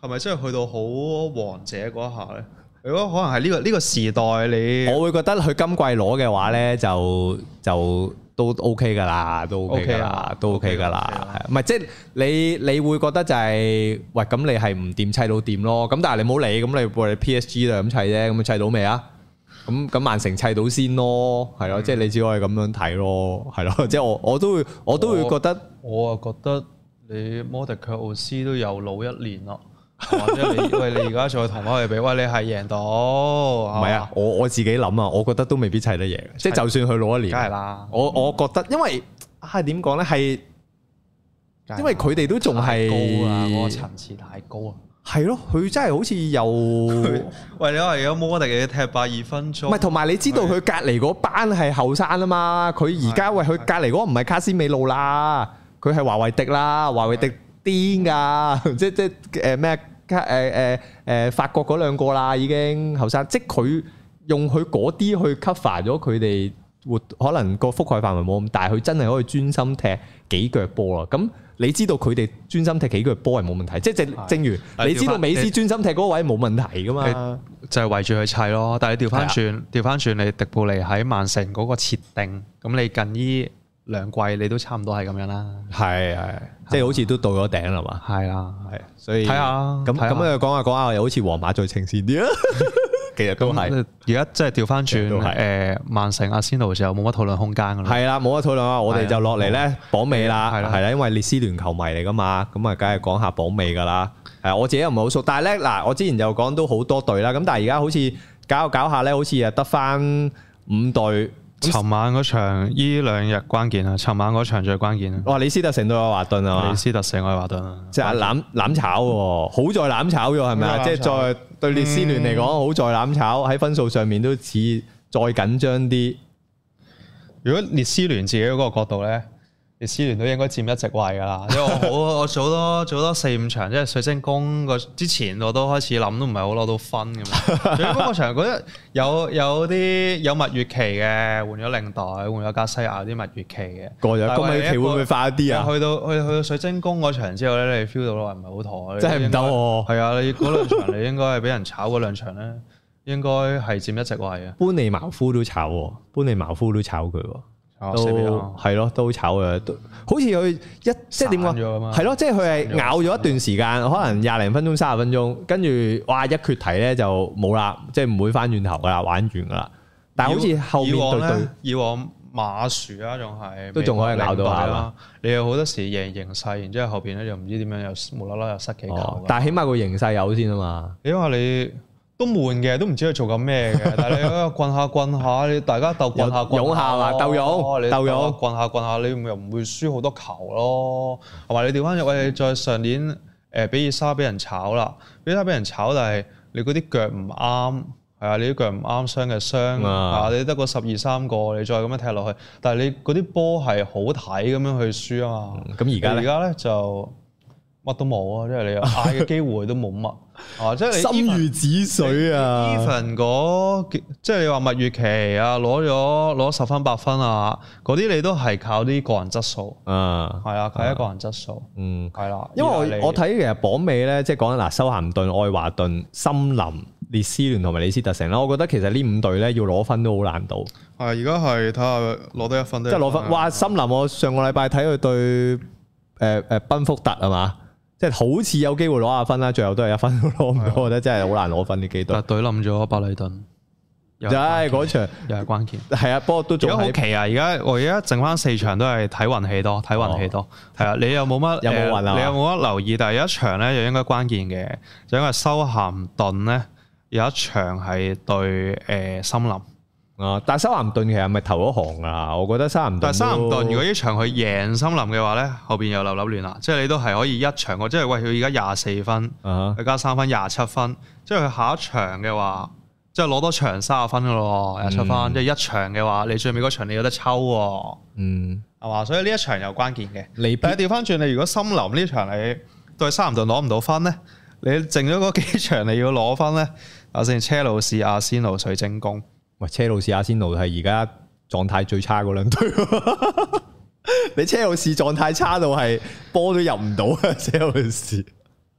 係咪真係去到好王者嗰下咧？如果可能係呢個呢個時代你，你我會覺得佢今季攞嘅話咧，就就。都 OK 噶啦，都 OK 噶啦，都 OK 噶啦，係咪？即係你你會覺得就係喂，咁你係唔掂砌到掂咯？咁但係你冇理，咁你播你 PSG 啦咁砌啫，咁砌到未啊？咁咁曼城砌到先咯，係咯？即係你只可以咁樣睇咯，係咯？即係我我都會我都會覺得，我啊覺得你摩迪克奧斯都有老一年啦。喂、 *laughs* 哦，你而家再同我哋比，喂，你係贏到？唔係啊，我我自己諗啊，我覺得都未必砌得贏。即係打就算佢攞一年，梗係啦。我我覺得因、哎呢，因為啊，點講咧，係因為佢哋都仲係高啊，嗰個層次太高啊。係咯，佢真係好似又喂，你話而家摩迪嘅踢八二分鐘，唔係同埋你知道佢隔籬嗰班係後生啊嘛？佢而家喂佢隔籬嗰個唔係卡斯美路啦，佢係華為迪啦，華為迪癲噶，即即誒咩？誒誒誒，法國嗰兩個啦，已經後生，即佢用佢嗰啲去 cover 咗佢哋，活，可能個覆蓋範圍冇咁大，佢真係可以專心踢幾腳波啦。咁你知道佢哋專心踢幾腳波係冇問題，即係正正如你知道，美斯專心踢嗰位冇問題噶嘛，的就係圍住佢砌咯。但係你調翻轉，調翻轉，你迪布尼喺曼城嗰個設定，咁你近呢兩季你都差唔多係咁樣啦，係係。即係好似都到咗頂啦嘛，係啊了。係，所以睇下咁咁又講下講下又好似皇馬最清線啲，啊。其實都係。而家即係調翻轉，誒，曼城、呃、阿仙奴就冇乜討論空間㗎啦。係啦，冇乜討論啊，我哋就落嚟咧，了榜尾啦，係啦了，因為列斯聯球迷嚟㗎嘛，咁啊，梗係講下榜尾㗎啦。係，我自己又唔係好熟，但係咧嗱，我之前就講都好多隊啦，咁但係而家好似搞下搞下咧，好似又得翻五隊。尋晚嗰場呢兩日關鍵啊！尋晚嗰場最關鍵啊！哇！李斯特城對阿華頓啊！李斯特城我阿華頓啊！即係啊，攬炒喎，好在攬炒咗係咪啊？是是即係在對列斯聯嚟講，嗯、好在攬炒喺分數上面都似再緊張啲。如果列斯聯自己嗰個角度咧？思聯都應該佔一席位噶啦，因為，我我做多我做多四五場，即係水晶宮個之前我都開始諗，都唔係好攞到分咁樣。水晶宮場覺得有有啲有蜜月期嘅，換咗領隊，換咗加西亞啲蜜月期嘅過咗，個蜜月期會唔會快啲啊？去到去去到水晶宮嗰場之後咧，你 feel 到咧唔係好妥，即係唔得喎。係啊，你嗰兩場你應該係俾人炒嗰兩場咧，應該係佔一席位嘅。般尼茅夫都炒喎，喔，般尼茅夫都炒佢喎，喔。都係咯，都好醜嘅，好似佢一即係點講，係咯，即係佢係咬咗一段時間，可能廿零分鐘、卅分鐘，跟住哇一缺堤咧就冇啦，即係唔會翻轉頭噶啦，玩完噶啦。但係好似後以往馬樹啊，仲係都仲可以咬到下。你有好多時贏形勢，然之後後邊咧就唔知點樣，又無啦啦又失幾球。但係起碼個形勢有先啊嘛。因為你。都悶嘅，都唔知佢做緊咩嘅。但係你嗰個棍下棍下， *laughs* 你大家鬥棍下棍下，鬥勇，勇，你鬥勇，棍下棍下，你又唔會輸好多球咯。同埋你調翻入，去，你再上年誒，比爾莎俾人炒啦，比爾莎俾人炒，但係你嗰啲腳唔啱，係啊，你啲腳唔啱，傷嘅傷，啊，你得個十二三個，你再咁樣踢落去，但係你嗰啲波係好睇咁樣去輸啊嘛。咁而家咧就。乜都冇、就是就是就是、啊！即係你啊，嘅機會都冇乜啊！即係心如止水啊！Even 嗰即係你話蜜月期啊，攞咗攞十分八分啊，嗰啲你都係靠啲個人質素啊，係啊，靠一個人質素，嗯，係啦了、嗯。因為我睇其實榜尾咧，即係講緊嗱，修咸頓、愛華頓、森林、列斯聯同埋李斯特城啦，我覺得其實呢五隊咧要攞分都好難到。啊！而家係睇下攞多一分，即係攞分。哇了！森林，我上個禮拜睇佢對誒誒賓福特係嘛？嗯嗯即係好似有機會攞下分啦，最後都係一分都攞唔到，的我覺得真係好難攞分啲幾隊。隊冧咗，巴里頓又係嗰場又係關鍵。係啊， *laughs* 不過都仲，好奇啊，而家我而家剩翻四場都係睇運氣多，睇運氣多。係啊、呃，你有冇乜？有冇運啊？你有冇乜留意？但係有一場咧，就應該關鍵嘅，就因為修咸頓咧有一場係對誒森、呃、林。啊！但係沙林頓其實係咪投一行啊，我覺得沙林頓。但係沙林頓如果呢場佢贏森林嘅話咧，後邊又笠扭亂啦，即係你都係可以一場，即係喂佢而家廿四分，佢、啊、加三分廿七分，即係佢下一場嘅話，即係攞多場三十分噶咯，廿七分，即係一場嘅、嗯、話，你最尾嗰場你有得抽，嗯，係嘛？所以呢一場又關鍵嘅。你掉翻轉，你如果森林呢場你對沙林頓攞唔到分咧，你剩咗嗰幾場你要攞分咧，阿先車路士、阿仙奴、水晶宮。喂，車路士、啊、阿仙奴係而家狀態最差嗰兩隊。 *laughs* 你車路士狀態差到係波都入唔到 *laughs* 啊！車路士，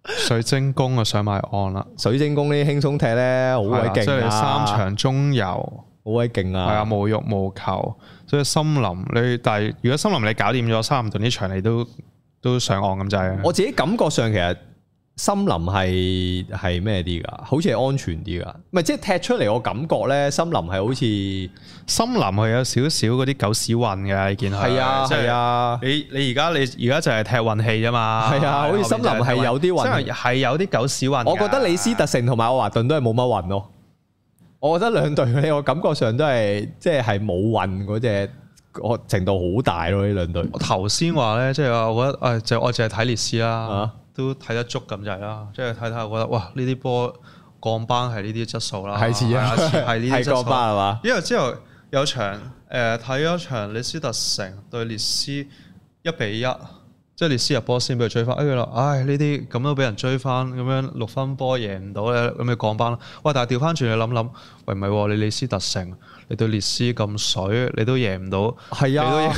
水晶宮啊上埋岸啦！水晶宮呢輕鬆踢咧好鬼勁啊！三場中游，好鬼勁啊！無慾無求，所以森林你但係如果森林你搞掂咗三唔輪啲場你都都上岸咁滯啊！我自己感覺上其實。森林係係咩啲噶？好似係安全啲噶，唔係即係踢出嚟我感覺咧。森林係好似森林係有少少嗰啲狗屎運嘅，你見係啊係啊！啊啊啊你你，你而家你而家就係踢運氣啫嘛。係啊，好似森林係有啲運，係有啲狗屎運。我覺得李斯特城同埋愛華頓都係冇乜運咯。我覺得兩隊咧，我感覺上都係即係冇運嗰隻，程度好大咯。兩隊 *laughs* 剛剛呢兩隊。我頭先話咧，即係話我覺得誒，就我淨係睇列斯啦。啊都睇得足咁滯啦，即係睇睇，我覺得哇，呢啲波降班係呢啲質素啦，係似 *laughs* 啊，係呢啲質素係嘛？因為 *laughs* 之後有場誒睇咗場，李、呃、斯特城對列斯一比一，即係列斯入波先俾佢追翻，跟住話，唉呢啲咁都俾人追翻，咁樣六分波贏唔到咧，咁咪降班啦。喂，但係調翻轉去諗諗，喂唔係，你李斯特城。對列斯咁水，你都贏唔到。係啊，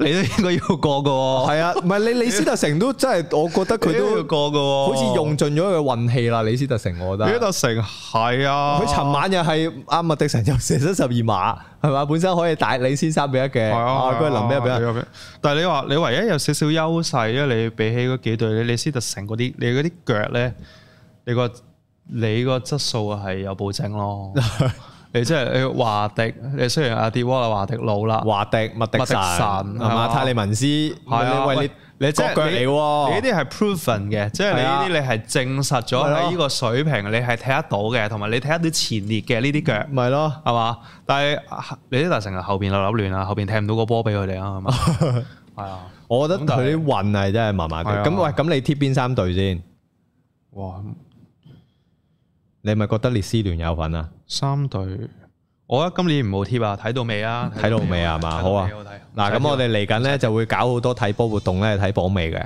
你都應該要過噶。係啊，唔係你李斯特城都真係，我覺得佢都要過噶。好似用盡咗佢嘅運氣啦，李斯特城，我覺得。李德城係啊，佢尋晚又係阿麥迪臣又射咗十二碼，係嘛？本身可以打李斯特三比一嘅，阿佢臨比一比一。但係你話你唯一有少少優勢，因為你比起嗰幾隊咧，李斯特城嗰啲，你嗰啲腳咧，你個你個質素係有保證咯。你即係你華迪，你雖然阿迪沃啦，華迪老啦，華迪麥迪神係嘛？泰利文斯係啊，喂，你即係你呢啲係 proven 嘅，即係你呢啲你係證實咗喺呢個水平，你係睇得到嘅，同埋你睇得到前列嘅呢啲腳，係咯，係嘛？但係李德成啊，後邊扭扭亂啊，後邊踢唔到個波俾佢哋啊，係啊，我覺得佢啲運係真係麻麻地。咁喂，咁你貼邊三隊先？哇！你咪覺得列斯聯有份啊？三隊，我覺得今年唔好貼啊，睇到未啊？睇到未啊？嘛，吧好啊。嗱，咁我哋嚟緊咧就會搞好多睇波活動咧，睇榜尾嘅，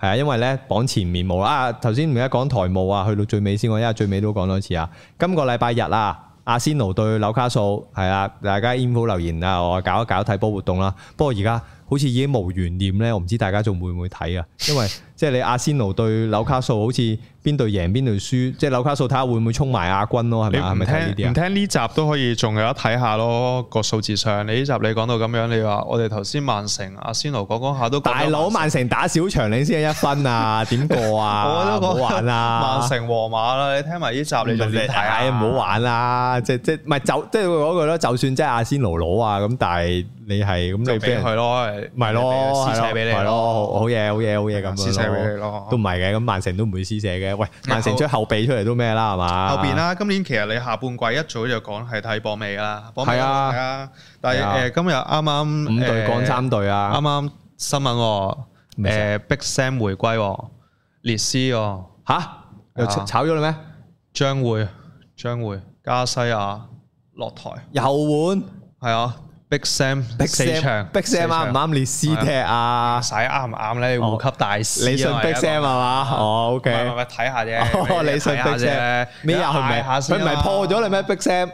係啊，因為咧榜前面冇啊。頭先唔該講台務啊，去到最尾先講，因為最尾都講多一次啊。今個禮拜日啊，阿仙奴對紐卡素，係啊，大家 email 留言啊，我搞一搞睇波活動啦。不過而家。好似已經無懸念咧，我唔知大家仲會唔會睇啊？因為即係你阿仙奴對紐卡素，好似邊隊贏邊隊輸，即係紐卡素睇下會唔會衝埋亞軍咯？係咪啊？唔聽呢啲唔聽呢集都可以，仲有得睇下咯。個數字上，你呢集你講到咁樣，你話我哋頭先曼城阿仙奴講講下都大佬曼城打小場，領先一分啊？點過啊？唔好玩啊！曼城皇馬啦，你聽埋呢集你就你睇下？唔好玩啦！即即唔係就即係嗰句咯，就算即係阿仙奴攞啊，咁但係。你係咁你俾佢咯，唔係咯，施捨俾你咯，好嘢好嘢好嘢，咁施捨俾佢咯，都唔係嘅，咁曼城都唔會施捨嘅。喂，曼城最後俾出嚟都咩啦，係嘛？後邊啦，今年其實你下半季一早就講係睇博美啦，係啊，但係誒今日啱啱五隊爭三隊啊，啱啱新聞誒，Big Sam 迴歸，列斯喎，嚇又炒咗你咩？將會將會加西亞落台又換係啊？Big Sam，Big 四場，Big Sam 啱唔啱列斯踢啊？使啱唔啱咧？護級大師，你信 Big Sam 係嘛？哦，OK，咪咪睇下啫，你信 Big Sam。咩啊？佢唔係佢唔係破咗你咩？Big Sam，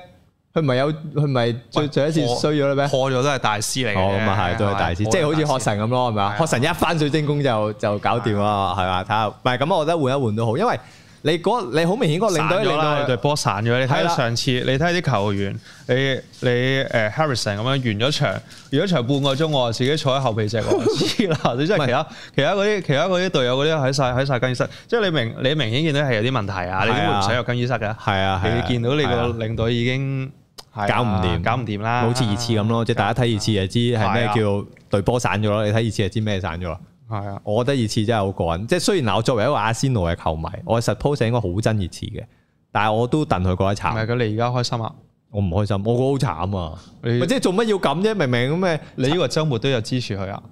佢唔係有佢唔係最第一次衰咗你咩？破咗都係大師嚟，哦咁啊係，都係大師，即係好似學神咁咯，係咪啊？學神一翻水晶宮就就搞掂啦，係嘛？睇下，唔係咁，我覺得換一換都好，因為。你你好明顯個領隊見到隊波散咗，你睇上次，你睇啲球員，你你誒 Harrison 咁樣完咗場，完咗場半個鐘，我自己坐喺後備席，我唔知啦。真係其他其他嗰啲其他啲隊友嗰啲喺晒喺晒更衣室，即係你明你明顯見到係有啲問題啊！你點會想入更衣室㗎？係啊，你見到你個領隊已經搞唔掂，搞唔掂啦，好似二次咁咯。即係大家睇二次就知係咩叫隊波散咗咯。你睇二次就知咩散咗。係啊，我覺得熱刺真係好過癮。即係雖然嗱，我作為一個阿仙奴嘅球迷，我 suppose 應該好憎熱刺嘅，但係我都戥佢覺得慘。唔係佢哋而家開心啊？我唔開心，我覺得好慘啊！你即係做乜要咁啫？明明咁咩？你呢個周末都有支持佢啊？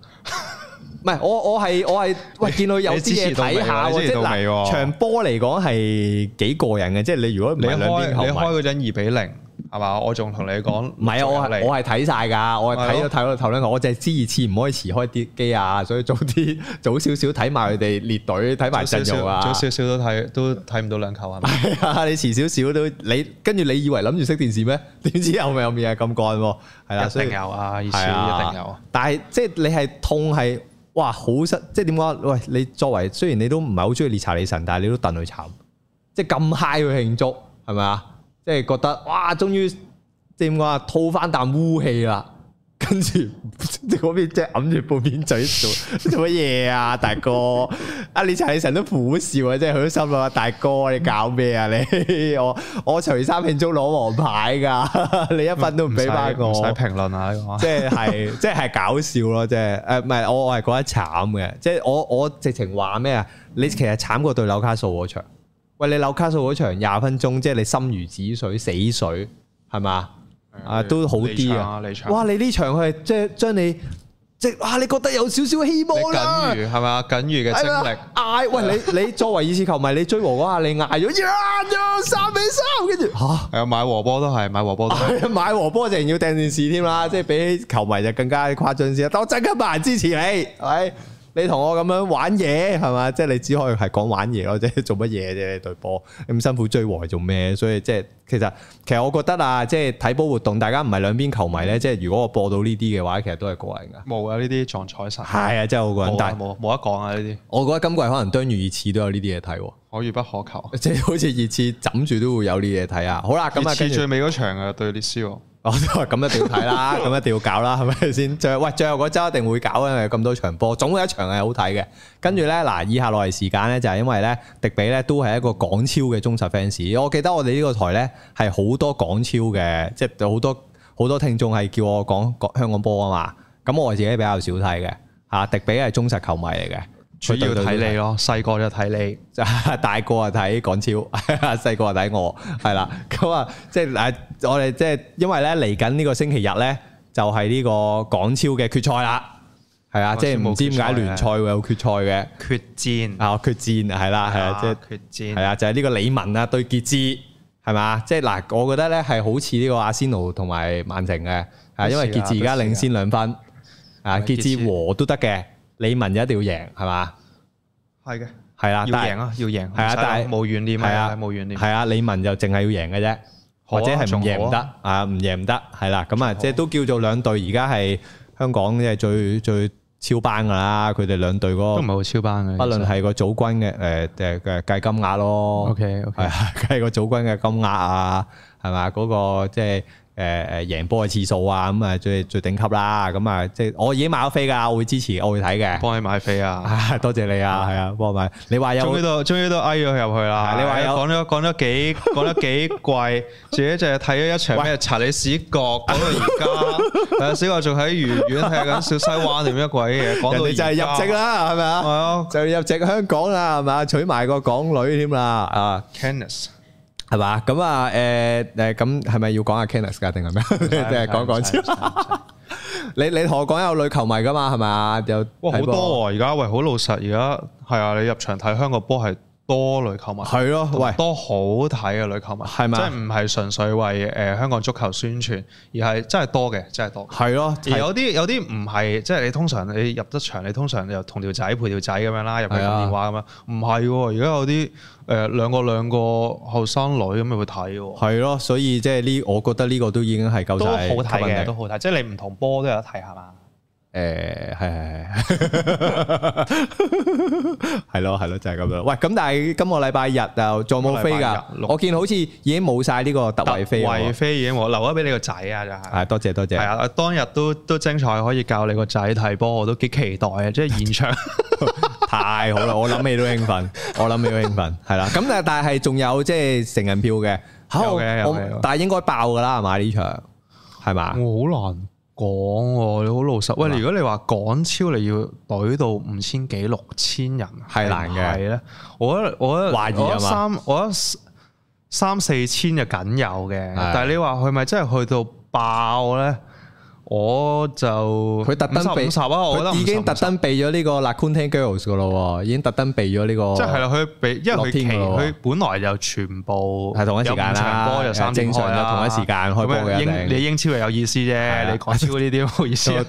唔 *laughs* 係，我我係我係喂見到有支持睇下即，即係嗱場波嚟講係幾過癮嘅。即係你如果唔係兩邊球迷，你開嗰陣二比零。係嘛？我仲同你講，唔係啊！我我係睇晒噶，我睇咗睇到頭兩球，嗯、我淨係知二次唔可以遲開啲機啊、哎、啊，所以早啲早少少睇埋佢哋列隊，睇埋陣容啊，早少少都睇都睇唔到兩球啊！係啊，你遲少少都你跟住你以為諗住熄電視咩？點知後面又變係咁干喎？係啦，一定有啊，意思、啊、一定有、啊。但係即係你係痛係哇，好失即係點講？喂，你作為雖然你都唔係好中意列查理神，但係你都戥佢慘，即係咁嗨，佢去慶祝，係咪啊？即係覺得哇，終於即係點講啊，吐翻啖污氣啦，跟住 *laughs* 即係嗰邊即係揞住半邊嘴做做乜嘢啊，大哥， *laughs* 大哥啊，你陳你成日都苦笑啊，即係佢都心諗啊，大哥你搞咩啊你？我我隨生慶祝攞黃牌噶，你一分都唔俾翻我。唔使評論啊，呢個話，即係即係搞笑咯，即係誒，唔、呃、係我係覺得慘嘅，即係我我，我，我直情話咩啊？你其實慘過對紐卡素場。喂，你紐卡素嗰場廿分鐘，即係你心如止水死水，係咪？啊你，都好啲啊！你場你場哇，你呢場佢係即係將你即係哇，你覺得有少少希望啦、啊？係嘛？僅餘嘅精力。唉喂！你你作為二次球迷，你追和嗰下你嗌咗呀呀三比三，跟住吓！我買和波都係，買和波都係， *laughs* 買和波仲要掟電視添啦， *laughs* 即係比球迷就更加誇張先。但係我即刻買支持你，係。你同我咁樣玩嘢係嘛？即係你只可以係講玩嘢，或者做乜嘢啫？你對波咁辛苦追和做咩？所以即係其實其實我覺得啊，即係睇波活動，大家唔係兩邊球迷咧。嗯、即係如果我播到呢啲嘅話，其實都係過癮噶。冇啊，呢啲撞彩神係啊，真係好過癮，但係冇冇得講啊呢啲。我覺得今季可能當如熱刺都有呢啲嘢睇，可遇不可求。即係好似熱刺枕住都會有呢嘢睇啊！好啦，咁啊，最尾場啊，對列我都話咁一定要睇啦，咁一定要搞啦，係咪先？最喂最後嗰周一定會搞，因為咁多場波，總有一場係好睇嘅。跟住咧嗱，以下落嚟時間咧就係因為咧，迪比咧都係一個港超嘅忠實 fans。我記得我哋呢個台咧係好多港超嘅，即係有好多好多聽眾係叫我講香港波啊嘛。咁我自己比較少睇嘅吓，迪比係忠實球迷嚟嘅。對對主要睇你咯，細個就睇你， *laughs* 大個啊睇港超，細個啊睇我，係啦，咁啊、 *laughs* 嗯，即係嗱，我哋即係因為咧嚟緊呢個星期日咧，就係呢個港超嘅決賽啦，係啊，即係唔知點解聯賽會有決賽嘅決戰啊、哦，決戰係啦，係啊，即係、就係、決戰係啊，就係呢個李文啊對傑志係嘛，即係嗱，嗯就係、我覺得咧係好似呢個阿仙奴同埋曼城嘅，啊，因為傑志而家領先兩分，啊， *laughs* 傑志和都得嘅。李文一定要贏係嘛？係嘅，係啦，要贏啊，要贏係啊，但係冇懸念啊，冇懸念。係啊，李文就淨係要贏嘅啫，或者係唔贏唔得啊，唔贏唔得係啦。咁啊，即係都叫做兩隊而家係香港即係最最超班噶啦，佢哋兩隊嗰個都唔係好超班嘅，不論係個組軍嘅誒誒誒計金額咯，ok ok 係計個組軍嘅金額啊，係嘛嗰個即係。誒誒贏波嘅次數啊，咁啊最最頂級啦，咁啊即係我已經買咗飛㗎，我會支持，我會睇嘅。幫你買飛啊，多謝你啊，係啊，幫我買。你話有？終於都終於都 A 咗入去啦。你話有？講咗講咗幾講得幾貴，自己就係睇咗一場咩查理史角嗰個而家，小華仲喺遠院睇緊小西灣定咩鬼嘅，講到你就係入籍啦，係咪啊？係啊，就入籍香港啦，係咪啊？娶埋個港女添啦，啊 Kenneth 係嘛？咁啊，誒、嗯、誒，咁係咪要講下 Canus 噶？定係咩？即係講講先。你你同我講有女球迷噶嘛？係咪？有哇好多喎、啊！而家喂好老實，而家係啊！你入場睇香港波係多女球迷，係咯、啊？喂多，多好睇嘅女球迷，係咪、啊？即係唔係純粹為誒香港足球宣傳，而係真係多嘅，真係多。係咯、啊對，有啲有啲唔係，即係你通常你入得場，你通常就同條仔陪條仔咁樣啦，入去講電話咁樣，唔係喎。而家有啲。誒兩個兩個後生女咁咪會睇喎，係咯，所以即係呢，我覺得呢個都已經係夠仔嘅，好睇嘅，都好睇。即係你唔同波都有得睇係嘛？誒係係係係，係咯係咯，就係咁樣。喂，咁但係今個禮拜日又仲有冇飛㗎？我見好似已經冇晒呢個特惠飛特惠飛已經留咗俾你個仔啊！就係、係，係多謝多謝，係啊！當日都都精彩，可以教你個仔睇波，我都幾期待啊！即係現場。 *laughs* 太好啦！我諗你都興奮，我諗你都興奮，係啦。咁但係但係仲有即係成人票嘅？有嘅，有嘅，但係應該爆噶啦，係嘛呢場，係嘛？我好難講啊，你好老實啊。喂，如果你話港超你要隊到五千幾六千人，係難嘅，係咧。我我我三我覺得三四千就僅有嘅，係嘅。但係你話佢咪真係去到爆咧？我就佢特登避五十啊！我覺得已經特登避咗呢個 La Quinta Girls 個咯，已經特登避咗呢個。即係啦，佢避，因為佢佢本來就全部係同一時間啦，播就三點開正常同一時間,、啊、一時間一開播嘅。你英你英超係有意思啫， *laughs* 你港超呢啲冇意思啊，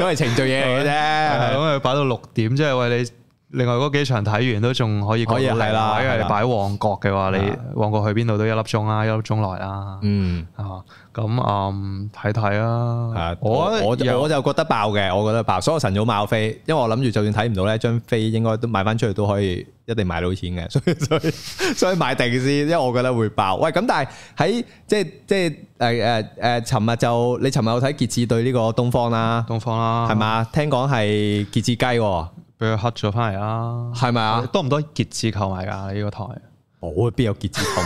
因為程序嘢嚟嘅啫。咁佢擺到六點，即係為你。另外嗰幾場睇完都仲可以，可以係啦，因為擺旺角嘅話，的你旺角去邊度都一粒鐘啊，一粒鐘來啦。嗯，係咁啊，睇睇啊。我有我就覺得爆嘅，我覺得爆。所以我晨早買飛，因為我諗住就算睇唔到呢張飛應該都買翻出去都可以，一定賣到錢嘅。所以所以所以，所以買定先，因為我覺得會爆。喂，咁但係喺即即誒誒誒，尋日、呃呃、就你尋日有睇傑志對呢個東方，東方啦，東方啦，係嘛？聽講係傑志雞喎。俾佢黑咗翻嚟啦，係咪啊？多唔多傑志球迷噶、啊？呢、呢個台我邊有，有傑志球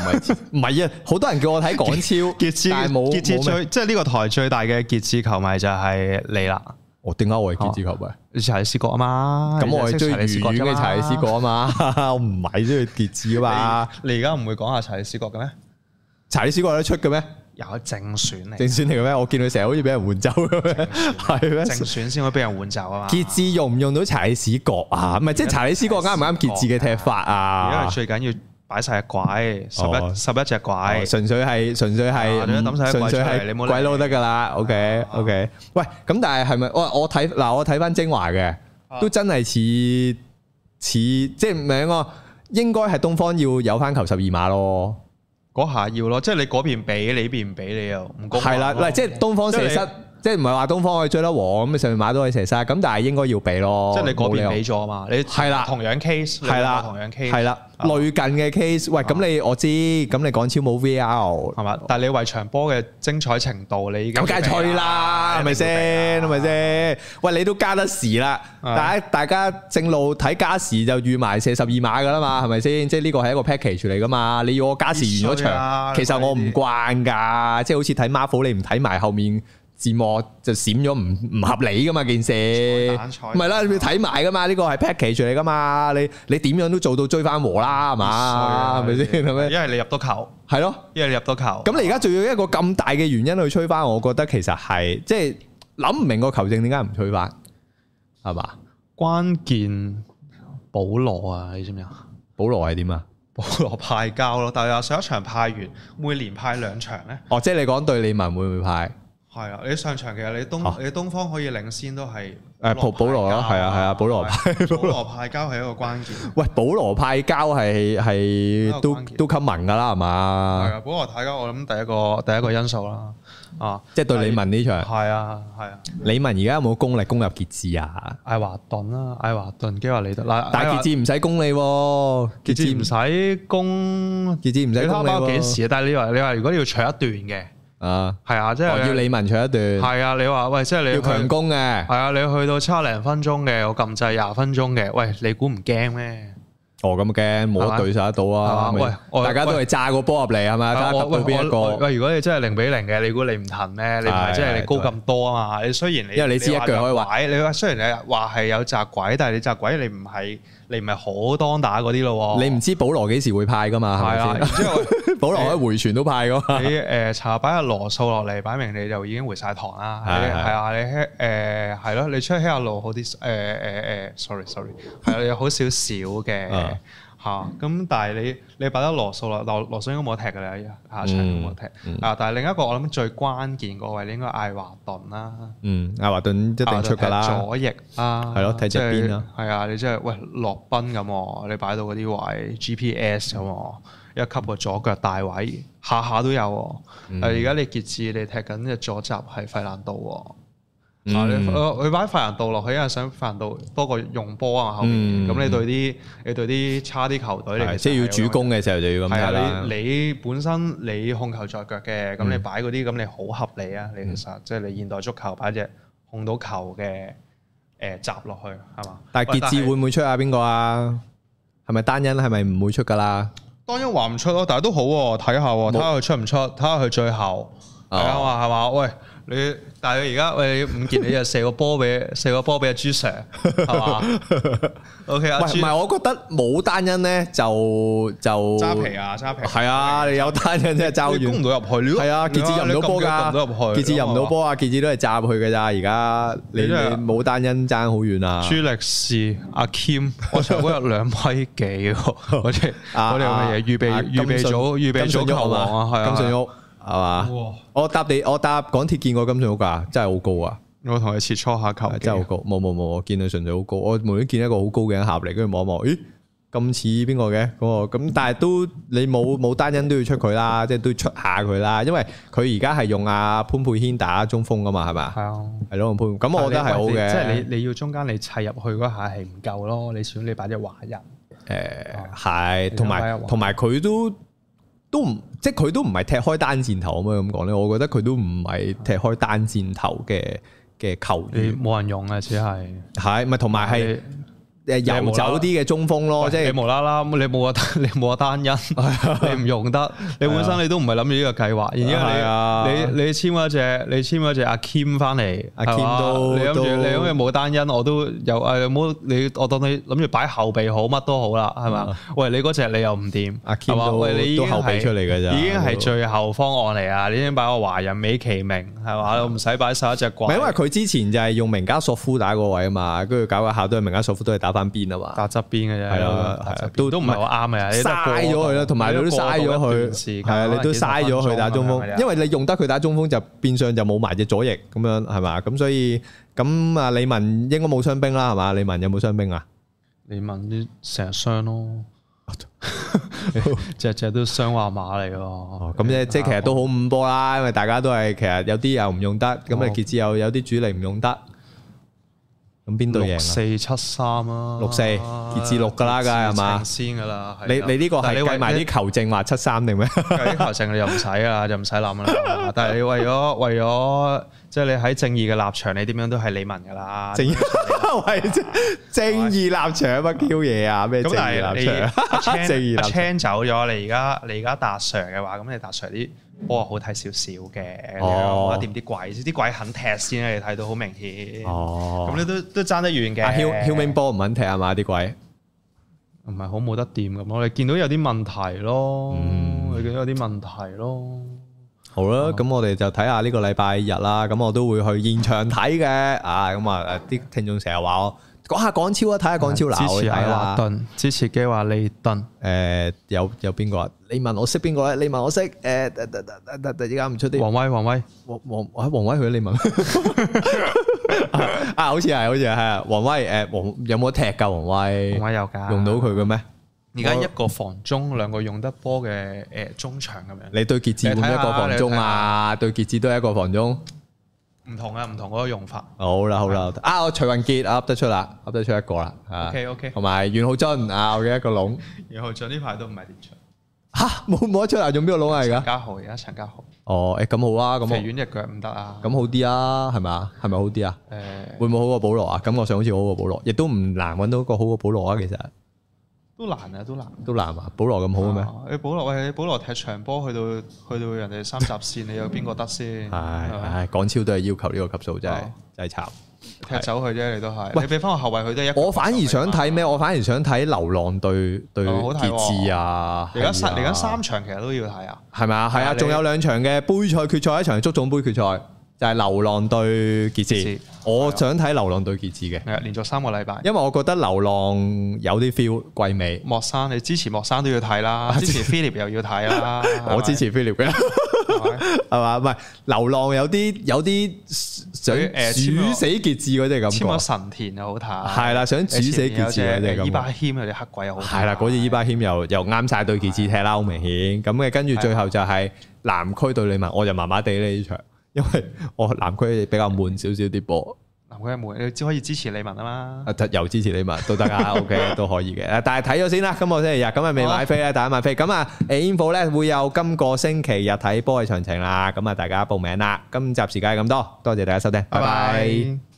迷？唔係 *laughs* 啊，好 *laughs* 多人叫我睇港超， *laughs* 傑志但係冇傑志最即係呢個台最大嘅傑志球迷就係你啦。哦、我點解我係傑志球迷？哦、你柴屎角啊嘛，咁我係最中意查柴屎角啊嘛，我唔係中意傑志啊嘛。你而家唔會講下查柴屎角嘅咩？查柴屎角有得出嘅咩？搞係正選嚟，正選嚟嘅咩？我見佢成日好似俾人換走咁樣？係咩？正選先可以俾人換走啊嘛！傑志用唔用到查理斯角啊？唔係即係查理斯角啱唔啱傑志嘅踢法啊？因為最緊要擺晒隻鬼，十一十一隻鬼，純粹係純粹係，純粹係你冇鬼佬得㗎啦。OK OK。喂，咁但係係咪我我睇嗱我睇翻精華嘅都真係似似即係唔係啊？應該係東方要有翻球十二碼咯。嗰下要咯，即係你嗰邊畀，你邊唔畀，你又唔公平咯。係啦的，吧即係東方神剎。即係唔係話東方可以追得王咁，上面買到可以射晒咁，但係應該要俾咯。即係你嗰邊俾咗嘛？你係啦，同樣 case 係啦，同樣 case 係啦，類近嘅 case。喂，咁你我知，咁你港超冇 VR 係嘛？但係你圍牆波嘅精彩程度，你咁梗係吹啦，係咪先？係咪先？喂，你都加得時啦，大家大家正路睇加時就預埋射十二碼噶啦嘛，係咪先？即係呢個係一個 package 嚟噶嘛？你要我加時完咗場，其實我唔慣噶，即係好似睇 Marvel，你唔睇埋後面。字幕就閃咗唔唔合理噶嘛件事，唔係啦，你要睇埋噶嘛，呢個係 package 嚟噶嘛，你你點樣都做到追翻和啦係嘛，係咪先？因為你入多球，係咯，因為你入多球，咁你而家仲要一個咁大嘅原因去吹翻，我覺得其實係即係諗唔明個球證點解唔吹翻，係嘛？關鍵保羅啊，你知唔知啊？保羅係點啊？保羅派膠咯，但係上一場派完，會連派兩場咧？哦，即係你講對李民會唔會派？係啊，你上場其實你東你東方可以領先都係誒保保羅咯，係啊係啊，保羅派保羅派交係一個關鍵。喂，保羅派交係係都都給民㗎啦，係嘛？係啊，保羅派交我諗第一個第一個因素啦，啊，即係對李文呢場。係啊係啊。李文而家有冇功力攻入傑志啊？艾華頓啦，艾華頓基華利德。嗱，但係傑志唔使攻你，傑志唔使攻傑志唔使攻你。啊？但係你話你話，如果要搶一段嘅。啊，係啊，即係我要李文唱一段。係啊，你話喂，即係你要強攻嘅。係啊，你去到差零分鐘嘅，我撳制廿分鐘嘅。喂，你估唔驚咩？哦，咁驚冇對手得到啊！喂，大家都係炸個波入嚟係嘛？到邊個？喂，如果你真係零比零嘅，你估你唔行咩？你唔係即係你高咁多啊嘛？你雖然你，因為你知一腳可以拐，你話雖然你話係有窄軌，但係你窄軌你唔係。你唔係好當打嗰啲咯喎！你唔知保羅幾時會派噶嘛？係啊吧，然之後保羅可以回傳都派噶。 *laughs* 你誒、呃、查下擺下羅素落嚟，擺明你就已經回晒堂啦。係係啊，你希誒係咯，你出去希亞路好啲誒誒誒，sorry sorry，係有好少少嘅。 *laughs* 嚇！咁、嗯嗯、但係你你擺得羅素啦，羅羅素應該冇踢嘅啦，下場冇踢。嗯、啊！但係另一個我諗最關鍵個位，你應該艾華頓啦。嗯，艾華頓一定出嘅啦。啊、左翼啊，係咯，睇隻邊啊。係、就是、啊，你真、就、係、是、喂洛賓咁，你擺到嗰啲位 GPS 咁，嗯、一級個左腳大位，下下都有、啊。誒、啊，而家你傑志你踢緊嘅左閘係費蘭度、啊。啊！你我擺發人道落去，因為想發人道多過用波啊，後面咁你對啲，你對啲差啲球隊嚟嘅，即係要主攻嘅時候就要咁樣啦。係啊，你你本身你控球在腳嘅，咁你擺嗰啲咁你好合理啊！你其實即係你現代足球擺隻控到球嘅，誒，閘落去係嘛？但係傑志會唔會出啊？邊個啊？係咪單人？係咪唔會出噶啦？當然話唔出咯，但係都好，睇下睇下佢出唔出，睇下佢最後大家話，係嘛？喂？你但係佢而家喂五件，你就射個波俾射個波俾阿朱 Sir，係嘛？O K，唔係，我覺得冇單因咧，就就揸皮啊，揸皮係啊！你有單因真係揸好遠，攻唔到入去係啊！杰子入唔到波噶，杰子入唔到波啊！杰子都係炸入去噶咋，而家你冇單因爭好遠啊！朱力士、阿 Kim，我上嗰日兩米幾，我哋我哋預備預備咗預備咗球王啊，係啊。係嘛？哦、我搭地，我搭港鐵見過咁上高價，真係好高啊！我同佢切磋下球，真係好高。冇冇冇，我見佢純粹好高。我每見一個好高嘅人合嚟，跟住望一望，咦咁似邊個嘅？咁咁，但係都你冇冇單人都要出佢啦，即係都要出下佢啦。因為佢而家係用阿潘佩軒打中鋒噶嘛，係咪？係啊，係咯，潘佩軒。咁我覺得係好嘅。即係你你要中間你砌入去嗰下係唔夠咯，你少你擺隻華人。誒、呃，係是，同埋同埋佢都。都唔即係佢都唔係踢開單箭頭咁樣咁講咧，我覺得佢都唔係踢開單箭頭嘅嘅球員，冇人用啊，只係係咪同埋係。你誒遊走啲嘅中鋒咯，即係你無啦啦，你冇個你冇個單人，你唔用得，你本身你都唔係諗住呢個計劃，然之後你你你簽嗰隻，你簽嗰隻阿 Kim 翻嚟，阿 Kim 你諗住，你因為冇單人，我都又誒冇你，我當你諗住擺後備好，乜都好啦，係嘛？喂，你嗰隻你又唔掂，阿 Kim 喂，都後備出嚟嘅咋？已經係最後方案嚟啊！你已經擺個華人美其名，係嘛？我唔使擺晒一隻怪，因為佢之前就係用名家索夫打個位啊嘛，跟住搞個下都係名家索夫都係打。邊啊嘛，打側邊嘅啫，係啊，係啊，都都唔係好啱啊，你嘥咗佢啦，同埋你都嘥咗佢，係啊，你都嘥咗佢打中鋒，因為你用得佢打中鋒就變相就冇埋隻左翼咁樣，係嘛，咁所以咁啊李文應該冇傷兵啦，係嘛，李文有冇傷兵啊？李文啲成日傷咯，只只都傷話馬嚟咯，咁即即其實都好五波啦，因為大家都係其實有啲又唔用得，咁啊傑志又有啲主力唔用得。咁邊度贏啊？六四七三啊，六四二至六噶啦，梗係嘛？先噶啦，你你呢個係計埋啲球證話七三定咩？啲球證你又唔使啊，就唔使諗啦。但係你為咗為咗，即係你喺正義嘅立場，你點樣都係李文噶啦。正義係正義立場乜 Q 嘢啊？咩正義立場啊？正義，Chan 走咗，你而家你而家達 Sir 嘅話，咁你達 Sir 啲。波好睇少少嘅，冇掂啲鬼，啲鬼肯踢先，你睇到好明顯。哦，咁你都都爭得完嘅。啊、Hillman ball 唔肯踢啊嘛啲鬼，唔係好冇得掂，咁我哋見到有啲問題咯，你、嗯、見到有啲問題咯。嗯、好啦吧，咁我哋就睇下呢個禮拜日啦。咁我都會去現場睇嘅。啊，咁啊，啲聽眾成日話我。講下港超啊，睇下港超嗱啊。支持基瓦頓，支持基瓦利頓。誒，有有邊個啊？你問我識邊個咧？你問我識誒？突然間唔出啲。黃威，黃威，黃黃，誒，黃威佢你問。啊，好似係，好似係，黃威。誒，黃有冇踢噶？黃威。黃威有噶。用到佢嘅咩？而家一個防中，兩個用得波嘅，誒，中場咁樣。你對傑志係一個防中啊？對傑志都係一個防中。唔同啊，唔同嗰個用法。好啦了，是是好啦，啊，我徐雲杰，啊，噏得出啦，噏得出一個啦。OK，OK、啊。同、啊、埋 Okay, okay. 袁浩俊，啊，我嘅一個龍。 *laughs* 袁浩俊呢排都唔係點出。吓，冇冇得出啊？用邊個龍嚟噶？陳家豪而家，陳家豪。家豪哦，誒、欸，咁好啊，咁。疲軟隻腳唔得啊，咁好啲啊，係咪啊？係咪、嗯、好啲啊？誒。會唔會好過保羅啊？感覺上好似好過保羅，亦都唔難揾到一個好過保羅啊，其實。都難啊，都難，都難啊！保羅咁好嘅咩？保羅保羅踢長波去到去到人哋三集線，你有邊個得先？係係港超都係要求呢個級數，真係真係慘，踢走佢啫，你都係。喂，俾翻個後衛佢都一。我反而想睇咩？我反而想睇流浪對對傑志啊！嚟緊三三場，其實都要睇啊。係咪啊？係啊，仲有兩場嘅杯賽決賽，一場足總杯決賽。就係流浪對傑志，我想睇流浪對傑志嘅，係連續三個禮拜。因為我覺得流浪有啲 feel 貴美。莫生，你支持莫生都要睇啦，支持 Philip 又要睇啦，我支持 Philip 嘅，係嘛？唔係流浪有啲有啲想誒處死傑志嗰啲咁。簽咗神田又好睇。係啦，想處死傑志嗰啲咁。伊巴謙有啲黑鬼又好。係啦，嗰啲伊巴謙又又啱晒對傑志踢好明顯。咁嘅跟住最後就係南區對理文，我就麻麻地呢場。因為我南區比較悶少少啲波，南區係悶，你只可以支持李文啊嘛，啊又支持李文都得啊，OK 都可以嘅、 *laughs* okay，但係睇咗先啦，今個星期日，咁啊未買飛咧，大家買飛，咁啊， *laughs* 誒，IG 咧會有今個星期日睇波嘅詳情啦，咁啊，大家報名啦，今集時間係咁多，多謝大家收聽，拜拜 bye。Bye bye